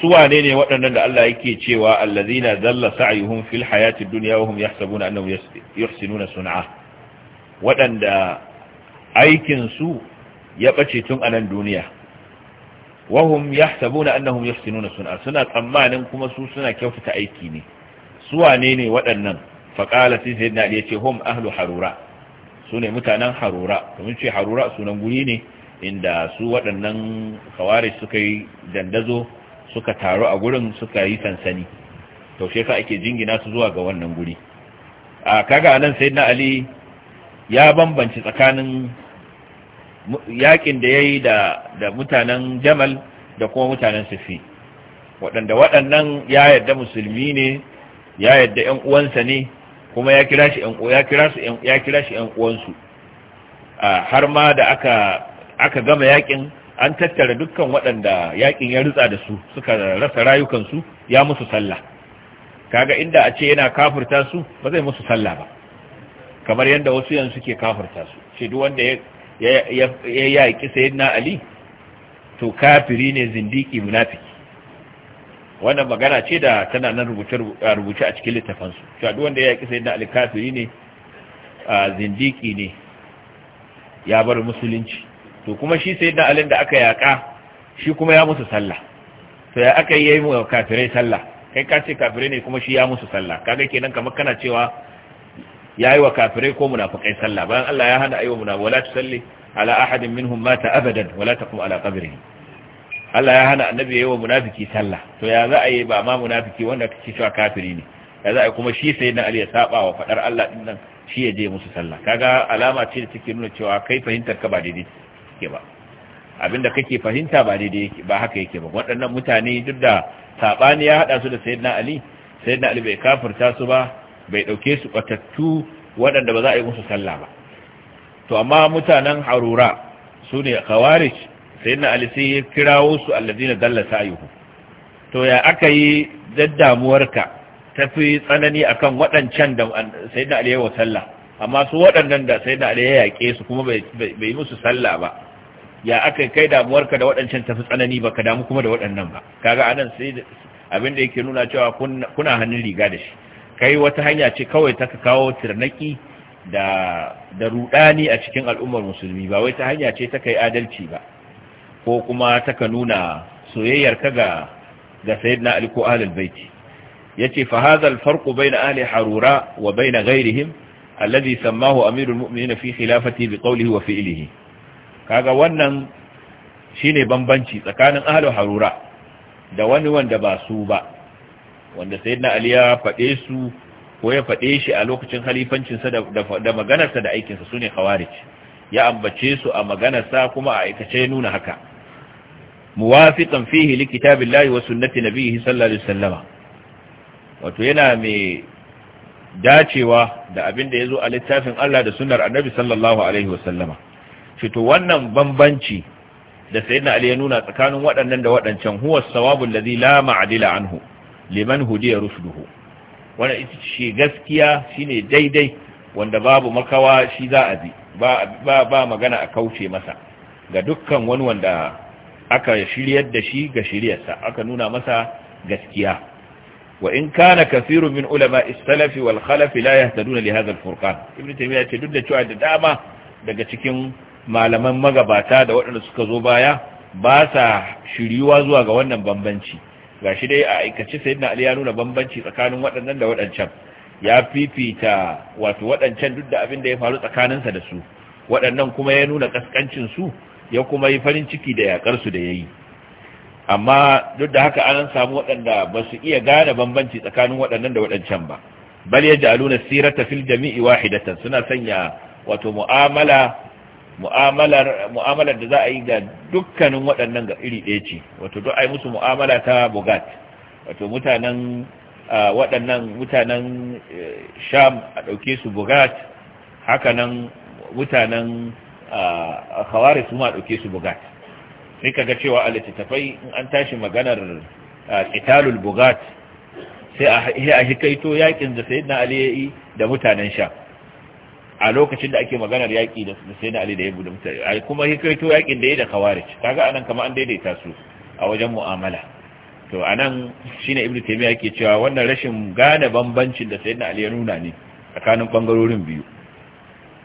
su wane ne waɗannan da Allah yake cewa allazina zalla sa'yuhum fil hayatid dunya wa hum yahsabuna annahum yuhsinuna sun'a waɗanda aikin su ya bace tun a nan duniya wa hum yahsabuna annahum yuhsinuna sun'a suna tsammanin kuma su suna kyautata aiki ne su wane ne waɗannan qala sayyidina ali yace hum ahlu harura sune mutanen harura kamar ce harura sunan guri ne inda su waɗannan kawari suka yi dandazo suka taru a gurin suka yi sansani to shi yasa ake jingina su zuwa ga wannan guri a kaga anan sayyidina ali ya bambanci tsakanin yakin da yayi da da mutanen jamal da kuma mutanen sufi waɗanda waɗannan ya yarda musulmi ne ya yarda ƴan uwansa ne kuma ya kira shi ƴan ya kira su ya kira shi ƴan uwansu har ma da aka aka gama yakin an tattara dukkan waɗanda yakin ya rutsa da su suka rasa rayukansu ya musu sallah kaga inda a ce yana kafirta su ba zai musu sallah ba kamar yadda wasu yanzu suke kafirta su ce duk wanda ya yaƙi sayyidina ali to kafiri ne zindiki munafiki wannan magana ce da tana nan rubuce a cikin littafansu To duk wanda ya yaƙi sayyidina ali kafiri ne zindiki ne ya bar musulunci to kuma shi sai da alin da aka yaƙa shi kuma ya musu sallah to ya aka yi mu kafirai sallah kai ka ce kafirai ne kuma shi ya musu sallah kaga kenan kamar kana cewa yayi wa kafirai ko munafikai sallah bayan Allah ya hana ayyuhu munafiqu wala tusalli ala ahadin minhum mata abadan wala taqum ala qabrihi Allah ya hana annabi yayi wa munafiki sallah to ya za a yi ba ma munafiki wanda kake cewa kafiri ne ya za a yi kuma shi da Ali ya saba wa fadar Allah din nan shi ya je musu sallah kaga alama ce da take nuna cewa kai fahimtar ka ba daidai yake ba abinda kake fahimta ba daidai yake ba haka yake ba waɗannan mutane duk da sabani ya hada su da sayyidina ali sayyidina ali bai kafirta su ba bai dauke su batattu waɗanda ba za a yi musu sallah ba to amma mutanen harura su ne khawarij sayyidina ali sai ya kirawo su alladina dalla sayyuhu to ya aka yi daddamuwarka fi tsanani akan waɗancan da sayyidina ali ya wa sallah amma su waɗannan da sayyidina ali ya yaƙe su kuma bai musu sallah ba ya aka kai damuwarka da waɗancan tafi tsanani ba ka damu kuma da waɗannan ba kaga anan sai abin da yake nuna cewa kuna hannun riga da shi kai wata hanya ce kawai ta ka kawo tirnaki da da rudani a cikin al'ummar musulmi ba wai ta hanya ce ta kai adalci ba ko kuma ta ka nuna soyayyar ka ga ga sayyidina ali ko ahlul baiti yace fa hadha al farqu bayna ahli harura wa bayna ghayrihim alladhi sammahu amirul mu'minin fi khilafati biqawlihi wa fi'lihi kaga wannan shine bambanci tsakanin ahlul harura da wani wanda ba su ba wanda sayyidina ali ya fade su ko ya fade shi a lokacin halifancin da maganarsa da aikinsa sa sune khawarij ya ambace su a maganarsa kuma a aikace nuna haka muwafiqan fihi li wa sunnati nabiyhi sallallahu alaihi wasallama wato yana mai dacewa da abin da ya zo a littafin Allah da sunnar annabi sallallahu alaihi wasallama fito wannan bambanci da sayyidina ali ya nuna tsakanin waɗannan da waɗancan huwa sawabul ladhi la ma'dila anhu liman hudiya rusuluhu wannan ita ce gaskiya shine daidai wanda babu makawa shi za a bi ba ba magana a kauce masa ga dukkan wani wanda aka shiryar da shi ga shiryarsa aka nuna masa gaskiya wa in kana kathirun min ulama as-salaf wal khalaf la yahtaduna li hadha al-furqan ibnu ya ce duk da cewa da dama daga cikin malaman magabata da waɗanda suka zo baya ba sa shiryuwa zuwa ga wannan bambanci Ga shi dai a aikace sai ali ya nuna bambanci tsakanin waɗannan da waɗancan ya fifita wato waɗancan duk da abin da ya faru tsakaninsa da su waɗannan kuma ya nuna kaskancin su ya kuma yi farin ciki da yakar su da yayi amma duk da haka an samu waɗanda ba su iya gane bambanci tsakanin waɗannan da waɗancan ba bal ya sirata fil jami'i wahidatan suna sanya wato mu'amala mu'amalar mu'amalar da za a yi ga dukkanin waɗannan ga iri ɗaya ce wato duk ai musu mu'amala ta bugat wato mutanen waɗannan mutanen e, sham a ɗauke su bugat haka nan mutanen khawari su ma ɗauke su bugat sai kaga cewa a littattafai in an tashi maganar kitalul bugat sai a hikaito yakin da sayyidina ali da mutanen sham a lokacin da ake maganar yaƙi da Sayyidina Ali da ya bude mutane kuma hikaito yaƙin da ya da Khawarij kaga anan kama an daidaita su a wajen mu'amala to anan shine Ibn Taymiyyah yake cewa wannan rashin gane bambancin da Sayyidina Ali ya nuna ne tsakanin bangarorin biyu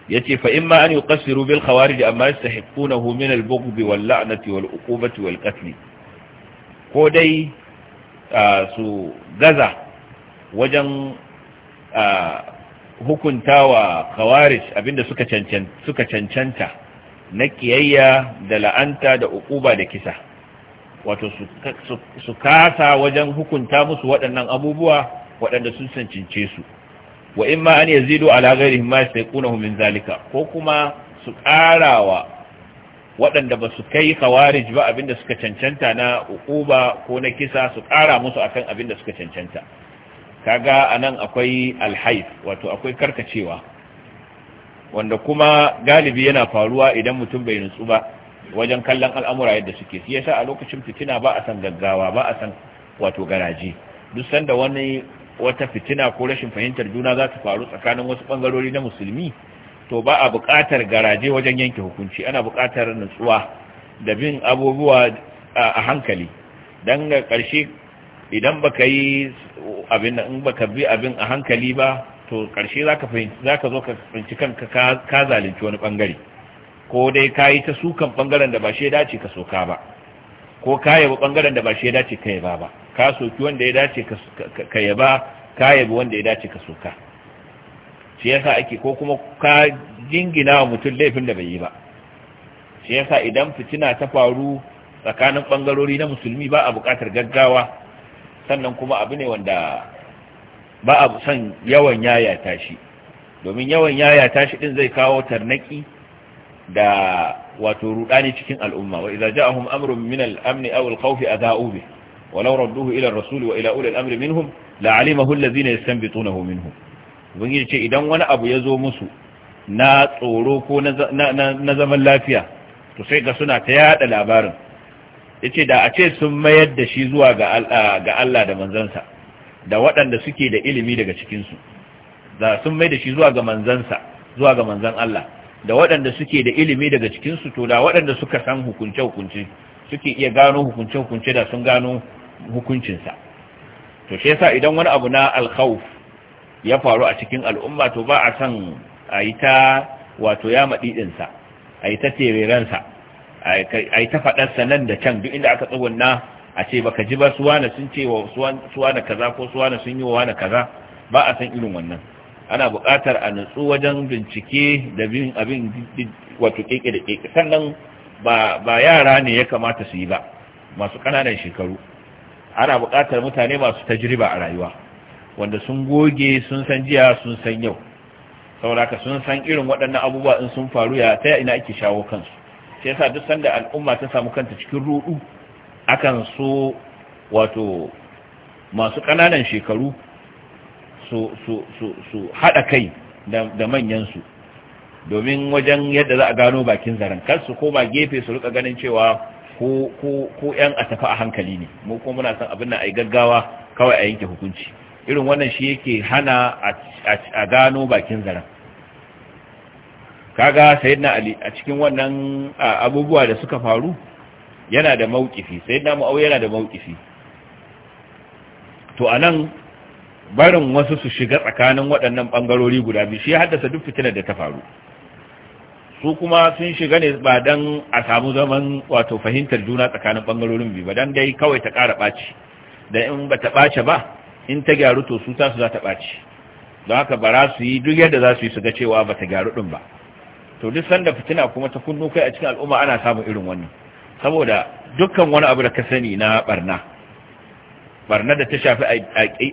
yace fa imma an yuqassiru bil khawarij amma yastahiqunahu min al bughd wal la'nati wal uqubati wal qatl ko dai su gaza wajen wa khawarij abinda suka cancanta suka cancanta na kiyayya da la'anta da ukuba da kisa wato su kasa wajen hukunta musu waɗannan abubuwa waɗanda sun cancince su wa in ma an yazidu ala ghairihim ma yastayqunahu min zalika ko kuma su karawa waɗanda ba su kai kawaris ba abinda suka cancanta na ukuba ko na kisa su ƙara musu akan abinda suka cancanta kaga nan akwai alhaif wato akwai karkacewa wanda kuma galibi yana faruwa idan mutum bai nutsu ba wajen kallon al'amura yadda suke shi yasa a lokacin fitina ba a san gaggawa ba a san wato garaji duk sanda wani wata fitina ko rashin fahimtar juna za ta faru tsakanin wasu bangarori na musulmi to ba a buƙatar garaje wajen yanke hukunci ana buƙatar nutsuwa da bin abubuwa a hankali don ƙarshe idan baka yi abin in baka bi abin a hankali ba to karshe zaka fahimci zaka zo ka fahimci kanka ka zalunci wani bangare ko dai yi ta sukan bangaren da ba shi dace ka soka ba ko ka yaba bangaren da ba shi dace ka yaba ba ka soki wanda ya dace ka yaba ka yaba wanda ya dace ka soka shi yasa ake ko kuma ka jingina wa mutum laifin da bai yi ba shi yasa idan fitina ta faru tsakanin bangarori na musulmi ba a bukatar gaggawa sannan kuma abu ne wanda ba a son yawan yaya tashi domin yawan yaya tashi din zai kawo tarnaki da wato rudani cikin al'umma wa idza ja'ahum amrun min al-amn aw al-khawf adha'u bi walau radduhu ila ar-rasul wa ila ulil amri minhum la'alimahu alladhina yastanbitunahu minhum ubangiji ce idan wani abu ya zo musu na tsoro ko na zaman lafiya to sai ga suna ta yada labarin yace da a ce sun mayar da shi zuwa ga Allah da manzansa da waɗanda suke da ilimi daga cikinsu da sun mayar da shi zuwa ga manzansa zuwa ga manzan Allah da waɗanda suke da ilimi daga cikinsu to da waɗanda suka san hukunce-hukunce suke iya gano hukunce-hukunce da sun gano hukuncinsa to shi yasa idan wani abu na alkhawf ya faru a cikin al'umma to ba a san a yi ta wato ya maɗiɗinsa a yi ta sa. ai ta faɗar sanan da can duk inda aka tsugunna a ce baka ji ba suwana sun ce wa suwana kaza ko suwana sun yi wa wani kaza ba a san irin wannan ana buƙatar a nutsu wajen bincike da bin abin wato keke da keke sannan ba ba yara ne ya kamata su yi ba masu ƙananan shekaru ana buƙatar mutane masu tajriba a rayuwa wanda sun goge sun san jiya sun san yau saboda sun san irin waɗannan abubuwa in sun faru ya ta ina ake shawo kansu shi yasa duk sanda al'umma ta samu kanta cikin rudu akan so wato masu ƙananan shekaru su haɗa kai da manyan su domin wajen yadda za a gano bakin zaren kar su koma gefe su rika ganin cewa ko ko yan a tafi a hankali ne mu ko muna san abin nan ai gaggawa kawai a yanke hukunci irin wannan shi yake hana a gano bakin zaren kaga sayyidina ali a cikin wannan abubuwa da suka faru yana da maukifi sayyidina mu'awiya yana da maukifi to anan barin wasu su shiga tsakanin waɗannan bangarori guda biyu shi haddasa duk fitinar da ta faru su kuma sun shiga ne ba dan a samu zaman wato fahimtar juna tsakanin bangarorin biyu ba dan dai kawai ta ƙara ɓaci da in ba ta ɓace ba in ta gyaru to su su za ta ɓaci don haka ba za su yi duk yadda za su yi su ga cewa ba ta gyaru ɗin ba to duk sanda fitina kuma ta kunno kai a cikin al'umma ana samun irin wannan saboda dukkan wani abu da ka sani na barna barna da ta shafi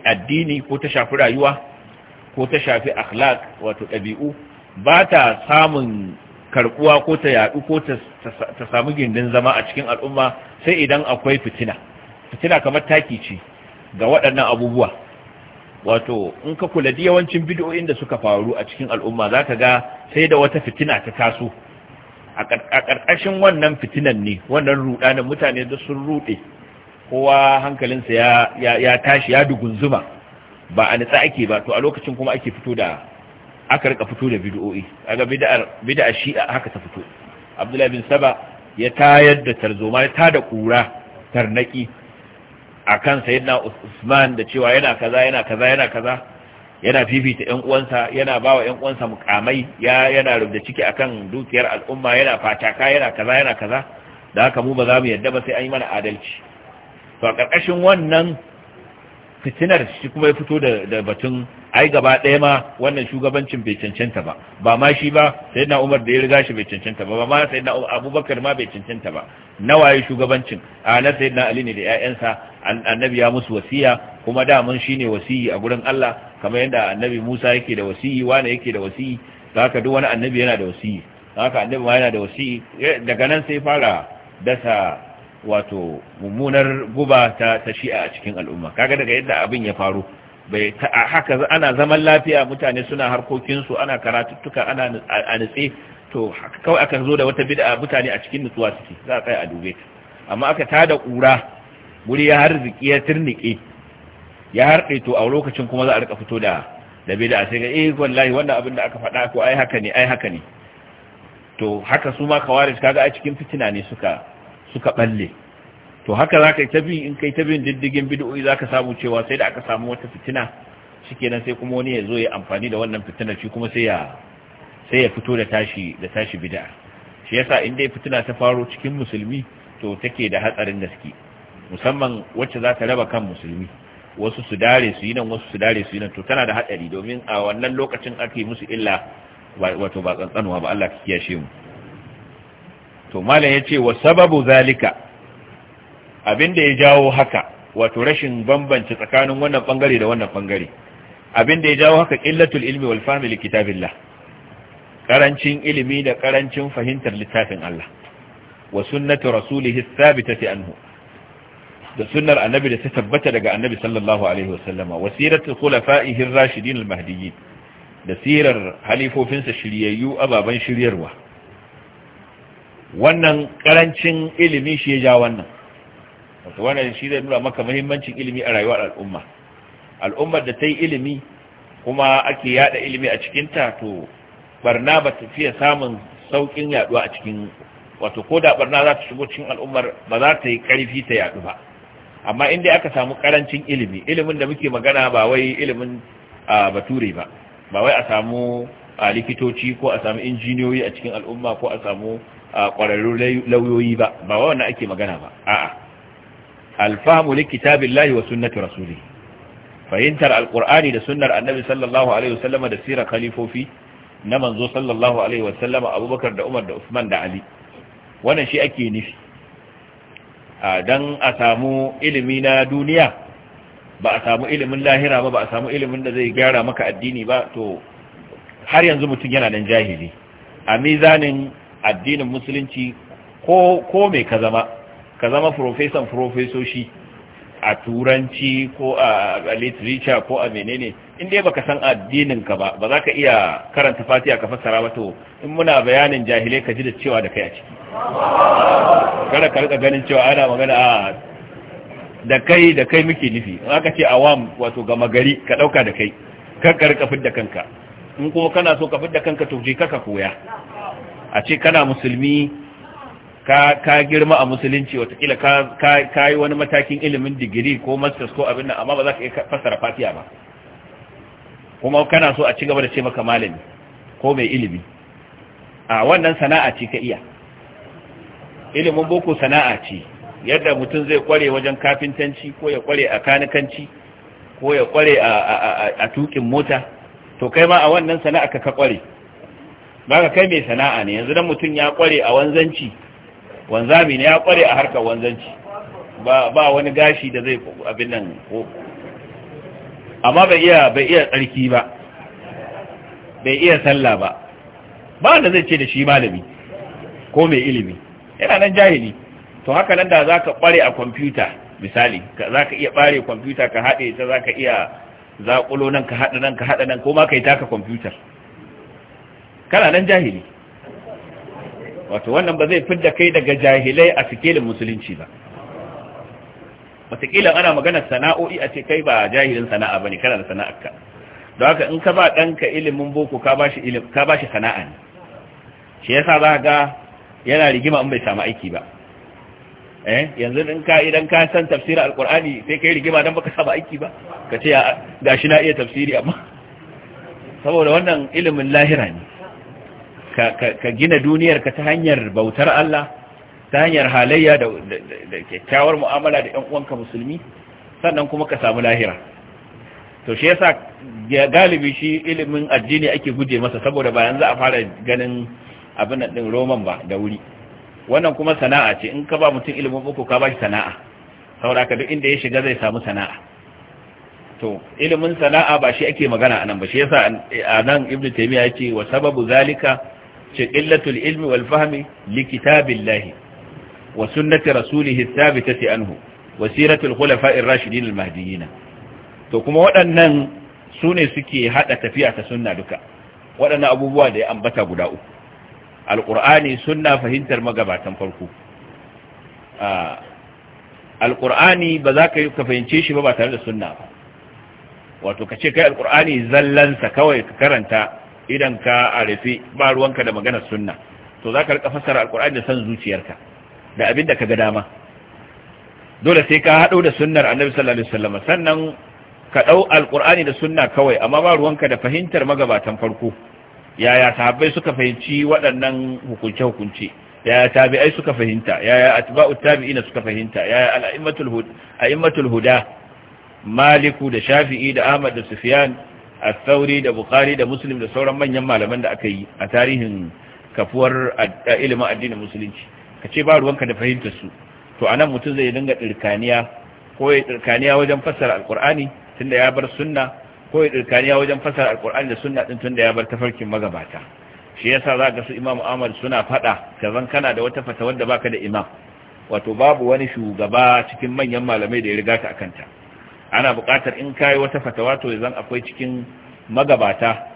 addini ko ta shafi rayuwa ko ta shafi akhlaq wato ɗabi'u ba ta samun karbuwa ko ta yadu ko ta samu gindin zama a cikin al'umma sai idan akwai fitina fitina kamar taki ce ga waɗannan abubuwa wato in ka kula da yawancin bid'o'in da suka faru a cikin al'umma za ka ga sai da wata fitina ta taso a ƙarƙashin wannan fitinan ne wannan rudanin mutane da sun rude kowa hankalinsa ya, tashi ya dugunzuma ba a nitsa ake ba to a lokacin kuma ake fito da aka rika fito da bid'o'i kaga bid'ar bid'a shi'a haka ta fito Abdullahi bin Saba ya tayar da tarzoma ya tada kura tarnaki A akan yana Usman da cewa yana kaza yana kaza yana kaza yana fifita ƴan uwansa yana bawa ƴan uwansa mukamai ya yana rubda ciki akan dukiyar al'umma yana fataka yana kaza yana kaza da haka mu ba za mu yadda ba sai an yi mana adalci to a ƙarƙashin wannan fitinar shi kuma ya fito da batun ai gaba ɗaya ma wannan shugabancin bai cancanta ba ba ma shi ba sai na umar da ya riga shi bai cancanta ba ba ma sai na abubakar ma bai cancanta ba nawa ya shugabancin a na sai na ali ne da 'ya'yansa annabi ya musu wasiya kuma daman shi ne wasiyi a gurin allah kamar yadda annabi musa yake da wasiyi wani yake da wasiyi haka duk wani annabi yana da wasiyi haka annabi ma yana da wasiyi eh, daga nan sai fara dasa wato mummunar guba ta ta shi'a a cikin al'umma kaga daga yadda abin ya faru bai haka ana zaman lafiya mutane suna harkokinsu ana karatuttuka ana a nitse to kawai aka zo da wata bid'a mutane a cikin nutsuwa suke za a tsaya a dube amma aka tada kura wuri ya ziki ya tirnike ya harɗe to a lokacin kuma za a rika fito da da bid'a sai ga eh wallahi wannan abin da aka faɗa ko ai haka ne ai haka ne to haka su ma kawarij kaga a cikin fitina ne suka suka balle to haka za ka yi tabi in kai tabin diddigin bid'o'i za ka samu cewa sai da aka samu wata fitina kenan sai kuma wani ya zo ya amfani da wannan fitina shi kuma sai ya fito da tashi da tashi bid'a shi yasa in dai fitina ta faro cikin musulmi to take da hatsarin gaske musamman wacce za ta raba kan musulmi wasu su dare su yi nan wasu su dare su yi nan to tana da hatsari domin a wannan lokacin ake musu illa wato ba tsantsanwa ba Allah ki kiyashe mu to malam ya ce wa sababu zalika abinda ya jawo haka wato rashin bambanci tsakanin wannan bangare da wannan bangare abinda ya jawo haka illatul ilmi wal fahmi li kitabillah karancin ilimi da karancin fahimtar littafin Allah wa sunnatu rasulihi thabitati anhu da sunnar annabi da ta tabbata daga annabi sallallahu alaihi sallama, wa siratul khulafa'ihi ar-rashidin al-mahdiyyin da sirar halifofinsa shiryayyu ababan shiryarwa wannan karancin ilimi shi ya ja wannan wato wannan shi zai nuna maka muhimmancin ilimi a rayuwar al'umma al'ummar da ta yi ilimi kuma ake yada ilimi a cikinta to barna ba ta fiye samun saukin yaduwa a cikin wato ko da barna za ta shigo cikin al'ummar ba za ta yi karfi ta yadu ba amma dai aka samu karancin ilimi ilimin da muke magana ba wai ilimin bature ba ba wai a samu a likitoci ko a samu injiniyoyi a cikin al'umma ko a samu ƙwararru lauyoyi ba ba wannan ake magana ba a'a alfahamu li wa sunnati rasuli fahimtar alqur'ani da sunnar annabi sallallahu alaihi wasallam da sirar khalifofi na manzo sallallahu alaihi wasallam abubakar da umar da usman da ali wannan shi ake nufi dan a samu ilimi na duniya ba a samu ilimin lahira ba ba a samu ilimin da zai gyara maka addini ba to har yanzu mutum yana nan jahili a mizanin addinin musulunci ko ko me ka zama ka zama profesan profesoshi a turanci ko a literature ko a menene in dai baka san addinin ka ba ba za ka iya karanta fatiya ka fassara ba to in muna bayanin jahilai ka ji da cewa da kai a ciki kada ka rika ganin cewa ana magana a da kai da kai muke nufi in aka ce awam wato gama gari ka dauka da kai ka rika fidda kanka in kuma kana so ka fidda kanka to je ka koya a ce kana musulmi ka girma a musulunci watakila ka ka wani matakin ilimin digiri ko masters ko abin nan amma ba za ka iya fassara fatiya ba kuma kana so a ci gaba da ce maka malami ko mai ilimi a wannan sana'a ce ka iya ilimin boko sana'a ce yadda mutum zai kware wajen kafintanci ko ya kware a kanikanci ko ya kware a tukin mota to kai ma a wannan sana'a ka ka kware ka kai mai sana'a ne yanzu dan mutum ya kware a wanzanci wanzami ne ya kware a harkar wanzanci ba wani gashi da zai abin nan ko amma bai iya bai iya tsarki ba bai iya sallah ba ba wanda zai ce da shi malami ko mai ilimi yana nan jahili to haka nan da ka kware a kwamfuta misali za ka iya bare kwamfuta ka haɗe ta za ka iya zaƙulo nan ka haɗa nan ka haɗa nan ko ma ka yi taka kwamfutar kana nan jahili wato wannan ba zai fidda kai daga jahilai a sikelin musulunci ba wataƙila ana maganar sana'o'i a ce kai ba jahilin sana'a ba ne kana da sana'arka don haka in ka ba ɗanka ilimin boko ka ba shi sana'a ne shi yasa za ga yana rigima in bai samu aiki ba eh yanzu in ka idan ka san tafsirin alkur'ani sai kai rigima dan baka samu aiki ba ka ce gashi na iya tafsiri amma saboda wannan ilimin lahira ne ka gina duniyarka ta hanyar bautar Allah ta hanyar halayya da kyakkyawar mu'amala da 'yan uwanka musulmi sannan kuma ka samu lahira to shi yasa galibi shi ilimin addini ake guje masa saboda bayan za a fara ganin abin din roman ba da wuri wannan kuma sana'a ce in ka ba mutum ilimin boko ka ba shi sana'a saboda ka duk inda ya shiga zai samu sana'a to ilimin sana'a ba shi ake magana anan ba shi yasa eh, anan ibnu taymiya yace wa sababu zalika ce qillatul ilmi wal fahmi li kitabillahi wa sunnati rasulihi thabitati anhu wa siratul khulafa'ir rashidin al mahdiyyin to kuma waɗannan sune suke hada tafiya ta sunna duka waɗannan abubuwa da ya ambata guda uku alqur'ani sunna fahimtar magabatan farko alqur'ani ba za ka yi ka fahimce shi ba ba tare da sunna ba wato ka ce kai alqur'ani zallansa kawai ka karanta idan ka a rufe ba ruwanka da maganar sunna to za ka rika fassara alkur'ani da san zuciyarka da abin da ka ga dama dole sai ka haɗo da sunnar annabi sallallahu alaihi wasallam sannan ka ɗau alkur'ani da sunna kawai amma ba ruwanka da fahimtar magabatan farko yaya sahabbai suka fahimci waɗannan hukunce-hukunce yaya tabi'ai suka fahimta yaya atba'u tabi'ina suka fahimta yaya al'immatul huda maliku da shafi'i da ahmad da sufyan al-thauri da bukhari da muslim da sauran manyan malaman da aka yi a tarihin kafuwar ilimin addinin musulunci ka ce ba ruwanka da fahimtar su to anan mutum zai dinga dirkaniya ko ya dirkaniya wajen fassara alqur'ani tunda ya bar sunna ko ya dirkaniya wajen fassara alqur'ani da sunna din tunda ya bar tafarkin magabata shi yasa za ka su imam ahmad suna fada kazan kana da wata fata wanda baka da imam wato babu wani shugaba cikin manyan malamai da ya riga ta akanta ana buƙatar in kayi wata fatawa to zan akwai cikin magabata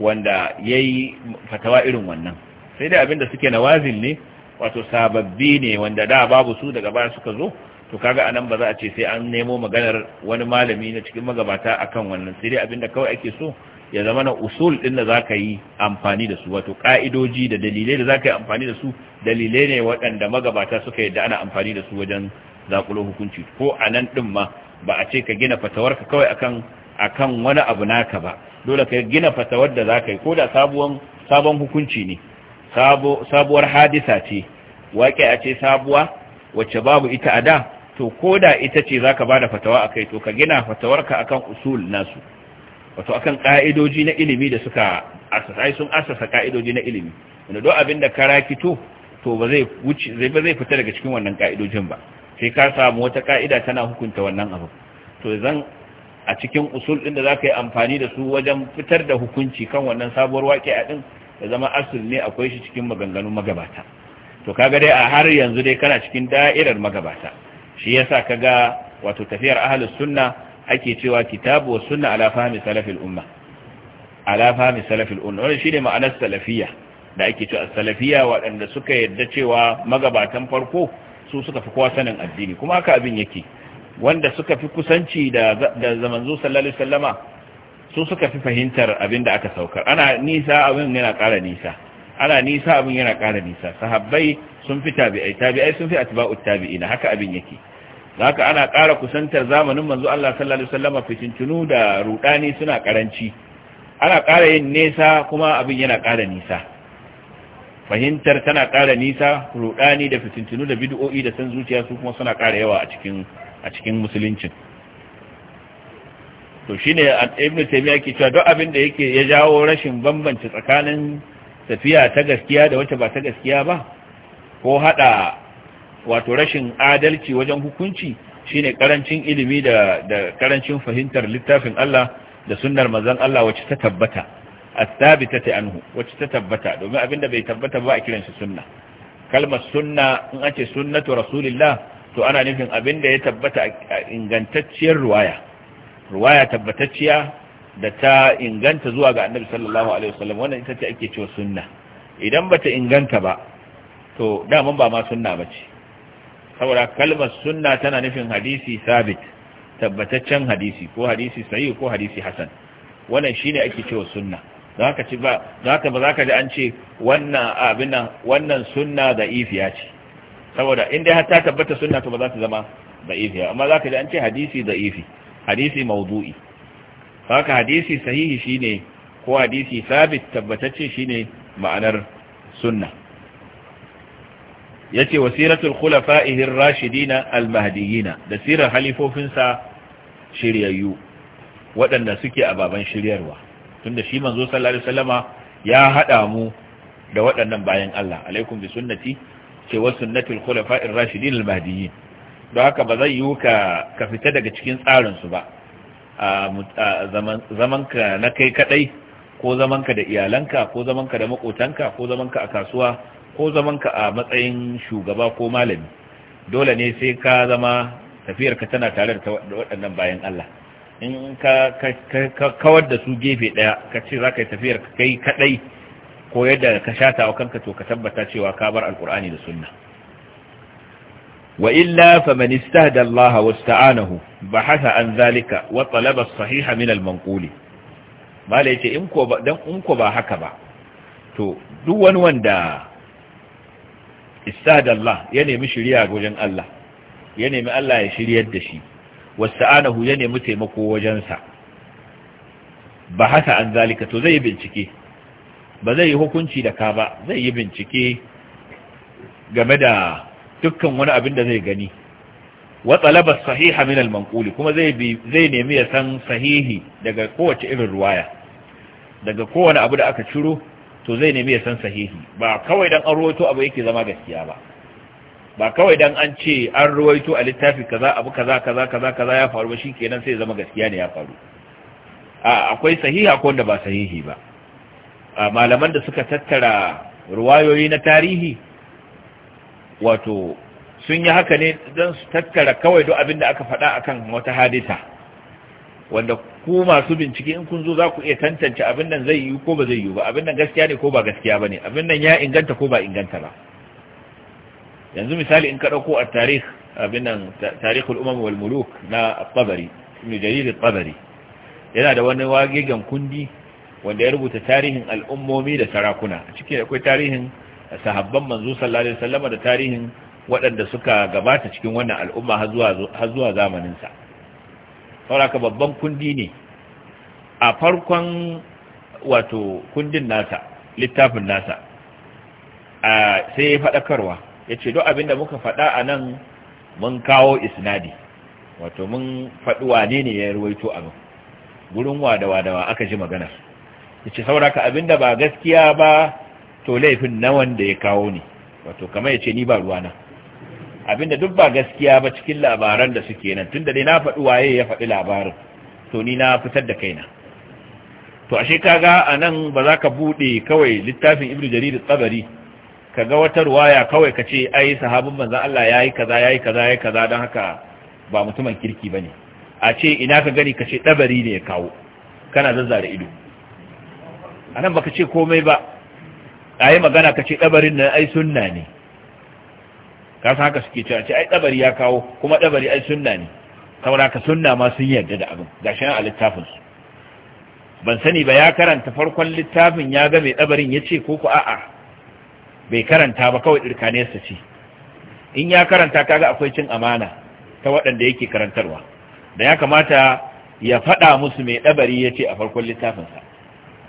wanda ya yi fatawa irin wannan sai dai abinda suke na nawazin ne wato sababbi ne wanda da babu su daga baya suka zo to kaga anan ba za a ce sai an nemo maganar wani malami na cikin magabata akan wannan sai dai abinda kawai ake so ya zama na usul din da zaka yi amfani da su wato ka'idoji da dalilai da zaka yi amfani da su dalilai ne waɗanda magabata suka yi da ana amfani da su wajen zakulo hukunci ko anan din ma ba a ce ka gina fatawarka kawai akan akan wani abu naka ba dole ka gina fatawar da zaka yi koda sabuwan sabon hukunci ne sabo sabuwar hadisa ce a ce sabuwa wacce babu ita a da to koda ita ce zaka bada fatawa akai to ka gina fatawarka akan usul nasu wato akan ka'idoji na ilimi da suka asasa sun asasa ka'idoji na ilimi wanda duk abin da ka rakito to ba zai wuce zai ba zai fita daga cikin wannan ka'idojin ba sai ka samu wata ka'ida tana hukunta wannan abu to zan a cikin usul din da za ka yi amfani da su wajen fitar da hukunci kan wannan sabuwar waƙe a ɗin da zama asul ne akwai shi cikin maganganun magabata to kaga dai a har yanzu dai kana cikin da'irar magabata shi yasa ga wato tafiyar ahlus sunna ake cewa kitabu wa sunna ala fahmi salafil umma ala fahmi salafil umma wannan shine ma'anar salafiyya da ake cewa salafiyya waɗanda suka yadda cewa magabatan farko su suka fi kowa sanin addini kuma haka abin yake wanda suka fi kusanci da zaman zuwa sallallahu alaihi su suka fi fahimtar abin da aka saukar ana nisa abin yana ƙara nisa ana nisa abin yana ƙara nisa sahabbai sun fi tabi'ai tabi'ai sun fi atba'ut tabi'ina haka abin yake haka ana ƙara kusantar zamanin manzo Allah sallallahu alaihi wasallam fitintunu da rudani suna karanci ana ƙara yin nesa kuma abin yana ƙara nisa fahimtar tana ƙara nisa ruɗani, da fitintunu da bid'o'i da san zuciya su kuma suna ƙara yawa a cikin a cikin musuluncin to shine ibnu taymiya ke cewa duk abin da yake ya jawo rashin bambanci tsakanin tafiya ta gaskiya da wacce ba ta gaskiya ba ko hada wato rashin adalci wajen hukunci shine karancin ilimi da da karancin fahimtar littafin Allah da sunnar manzon Allah wacce ta tabbata as-sabitati anhu wacce ta tabbata domin abinda bai tabbata ba a kiran shi sunna kalmar sunna in ake sunnatu rasulillah to ana nufin abinda ya tabbata a ingantacciyar ruwaya ruwaya tabbatacciya da ta inganta zuwa ga annabi sallallahu alaihi wasallam wannan ita ce ake cewa sunna idan bata inganta ba to daman ba ma sunna bace saboda kalmar sunna tana nufin hadisi sabit tabbataccen hadisi ko hadisi sahih ko hadisi hasan wannan shine ake cewa sunna za ka ba za ka ji an ce wannan abin nan wannan sunna da ifiya ce saboda in dai har ta tabbata sunna to ba za ta zama da ifiya amma za ka ji an ce hadisi da ifi hadisi mawdu'i haka hadisi sahihi shine ko hadisi sabit tabbatacce shine ma'anar sunna yace wasiratul khulafa'ihi ar-rashidina al-mahdiyina da sirar halifofinsa shiryayyu waɗanda suke a baban shiryarwa tunda shi manzo sallallahu alaihi wasallama ya hada mu da waɗannan bayan Allah alaikum bi sunnati ce wa sunnatul khulafa'ir rashidin al-mahdiyyin don haka ba zai yiwu ka ka fita daga cikin tsarin su ba a zaman zaman ka na kai kadai ko zaman ka da iyalanka ko zaman ka da makotanka ko zaman ka a kasuwa ko zaman ka a matsayin shugaba ko malami dole ne sai ka zama tafiyarka tana tare da waɗannan bayan Allah in ka kawar da su gefe daya ka ce za ka yi tafiyar ka kai kadai ko yadda ka shata wa kanka to ka tabbata cewa ka bar alkur'ani da sunna wa illa faman istahda Allah wasta'anahu bahatha an zalika wa talaba as-sahiha min al-manqul mala yace in ko ba dan in ko ba haka ba to duk wani wanda istahda Allah ya nemi shiriya wajen Allah ya nemi Allah ya shiryar da shi Anahu ya nemi taimako wajensa ba hasa an zalika to zai yi bincike ba zai yi hukunci da ka ba zai yi bincike game da dukkan wani abin da zai gani wa talaba sahiha min al kuma zai nemi ya san sahihi daga kowace irin ruwaya daga kowane abu da aka ciro to zai nemi ya san sahihi ba kawai dan an ruwaito abu yake zama gaskiya ba ba kawai dan an ce an ruwaito a littafi kaza abu kaza kaza kaza kaza ya faru ba kenan sai zama gaskiya ne ya faru a akwai sahiha ko wanda ba sahihi ba A malaman da suka tattara ruwayoyi na tarihi wato sun yi haka ne don su tattara kawai duk abin da aka faɗa akan wata hadisa wanda ku masu bincike in kun zo za ku iya tantance abin nan zai yi ko ba zai yi ba abin nan gaskiya ne ko ba gaskiya ba ne abin nan ya inganta ko ba inganta ba yanzu misali in ka dauko at abin nan tarikhul umam wal muluk na at-tabari ibn jarir tabari yana da wani wagegen kundi wanda ya rubuta tarihin al'ummomi da sarakuna cikin akwai tarihin sahabban manzo sallallahu alaihi wasallam da tarihin waɗanda suka gabata cikin wannan al'umma har zuwa zamaninsa sauraka babban kundi ne a farkon wato kundin nasa littafin nasa sai ya faɗakarwa yace duk abinda muka faɗa a nan mun kawo isnadi wato mun faɗi wane ne ya ruwaito abin gurin wadawa dawa aka ji maganar yace sauraka abinda ba gaskiya ba to laifin na wanda ya kawo ne wato kamar ce ni ba ruwana abinda duk ba gaskiya ba cikin labaran da suke nan tunda dai na faɗi waye ya faɗi labarin to ni na fitar da kaina to ashe kaga anan ba za ka bude kawai littafin ibnu jarir tsabari ka ga wata ruwaya kawai ka ce ai sahabin manzan Allah ya yi kaza ya yi kaza ya yi kaza don haka ba mutumin kirki ba ne. a ce ina ka gani ka ce ɗabari ne ya kawo kana zazzare ido A nan ba ka ce komai ba yi magana ka ce ɗabarin nan ai sunna ne ka san haka suke cewa ce ai ɗabari ya kawo kuma ɗabari ai sunna ne saboda ka sunna ma sun yarda da abin shi a littafin su ban sani ba ya karanta farkon littafin ya ga mai ya ce ko ku a'a bai karanta ba kawai irkane su ce. in ya karanta kaga akwai cin amana ta waɗanda yake karantarwa da ya kamata ya faɗa musu mai ɗabari ya ce a farkon littafinsa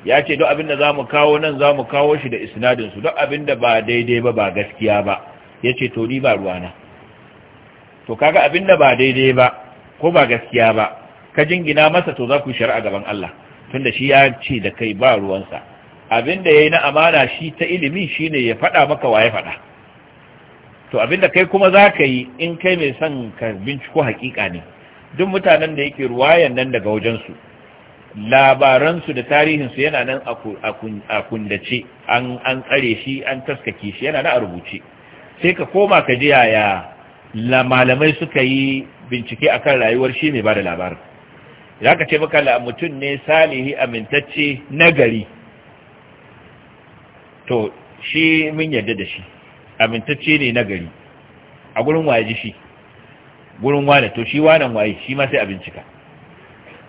ya ce duk da za mu kawo nan za mu kawo shi da isnadinsu duk da ba daidai ba ba gaskiya ba ya ce to ni ba ruwana to kaga da ba daidai ba ko ba gaskiya ba ka jingina masa to za ku shari'a gaban Allah tunda shi ya ce da kai ba ruwansa Abin abinda yi na amana shi ta ilimi shi ne ya faɗa maka waye faɗa to abinda kai kuma za ka yi in kai mai son ka binciko hakika ne duk mutanen da yake ruwayan nan daga wajensu, labaransu da tarihinsu yana nan a kundace an tsare shi an taskake shi yana nan a rubuce sai ka koma ka ji yaya la malamai suka yi bincike akan rayuwar shi mai da labarin ya ka ce maka mutum ne salihi amintacce nagari to shi mun yarda da shi amintacce ne na gari a gurin waye ji shi gurin wane to shi wanan waye shi ma sai a bincika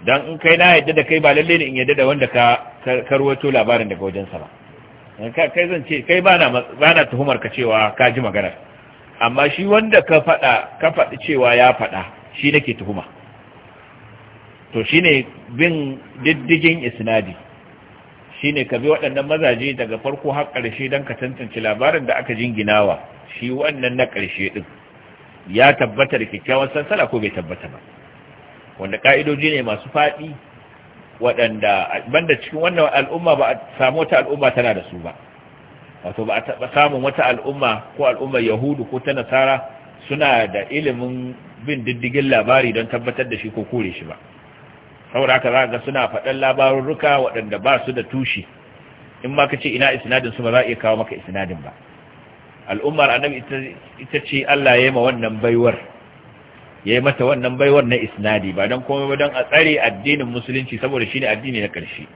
dan in kai na yarda da kai ba lalle ne in yarda da wanda ka karwato labarin daga wajensa ba kai zan ce kai ba na tuhumar ka cewa ka ji maganar amma shi wanda ka faɗa ka faɗi cewa ya faɗa shi nake tuhuma to shine bin diddigin isnadi shine ka bi waɗannan mazaje daga farko har ƙarshe don ka tantance labarin da aka jinginawa shi wannan na ƙarshe ɗin ya tabbata da kyakkyawan sansala ko bai tabbata ba wanda ƙa'idoji ne masu faɗi waɗanda banda cikin wannan al'umma ba a samu wata al'umma tana da su ba wato ba a samun wata al'umma ko al'ummar yahudu ko ta nasara suna da ilimin bin diddigin labari don tabbatar da shi ko kore shi ba saboda haka za ga suna faɗan labarurruka waɗanda ba su da tushe in ma ka ce ina isnadin su ba za a iya kawo maka isnadin ba al'ummar annabi ita ce Allah ya yi ma wannan baiwar ya yi mata wannan baiwar na isnadi ba don komai ba don a tsare addinin musulunci saboda shi ne addini na ƙarshe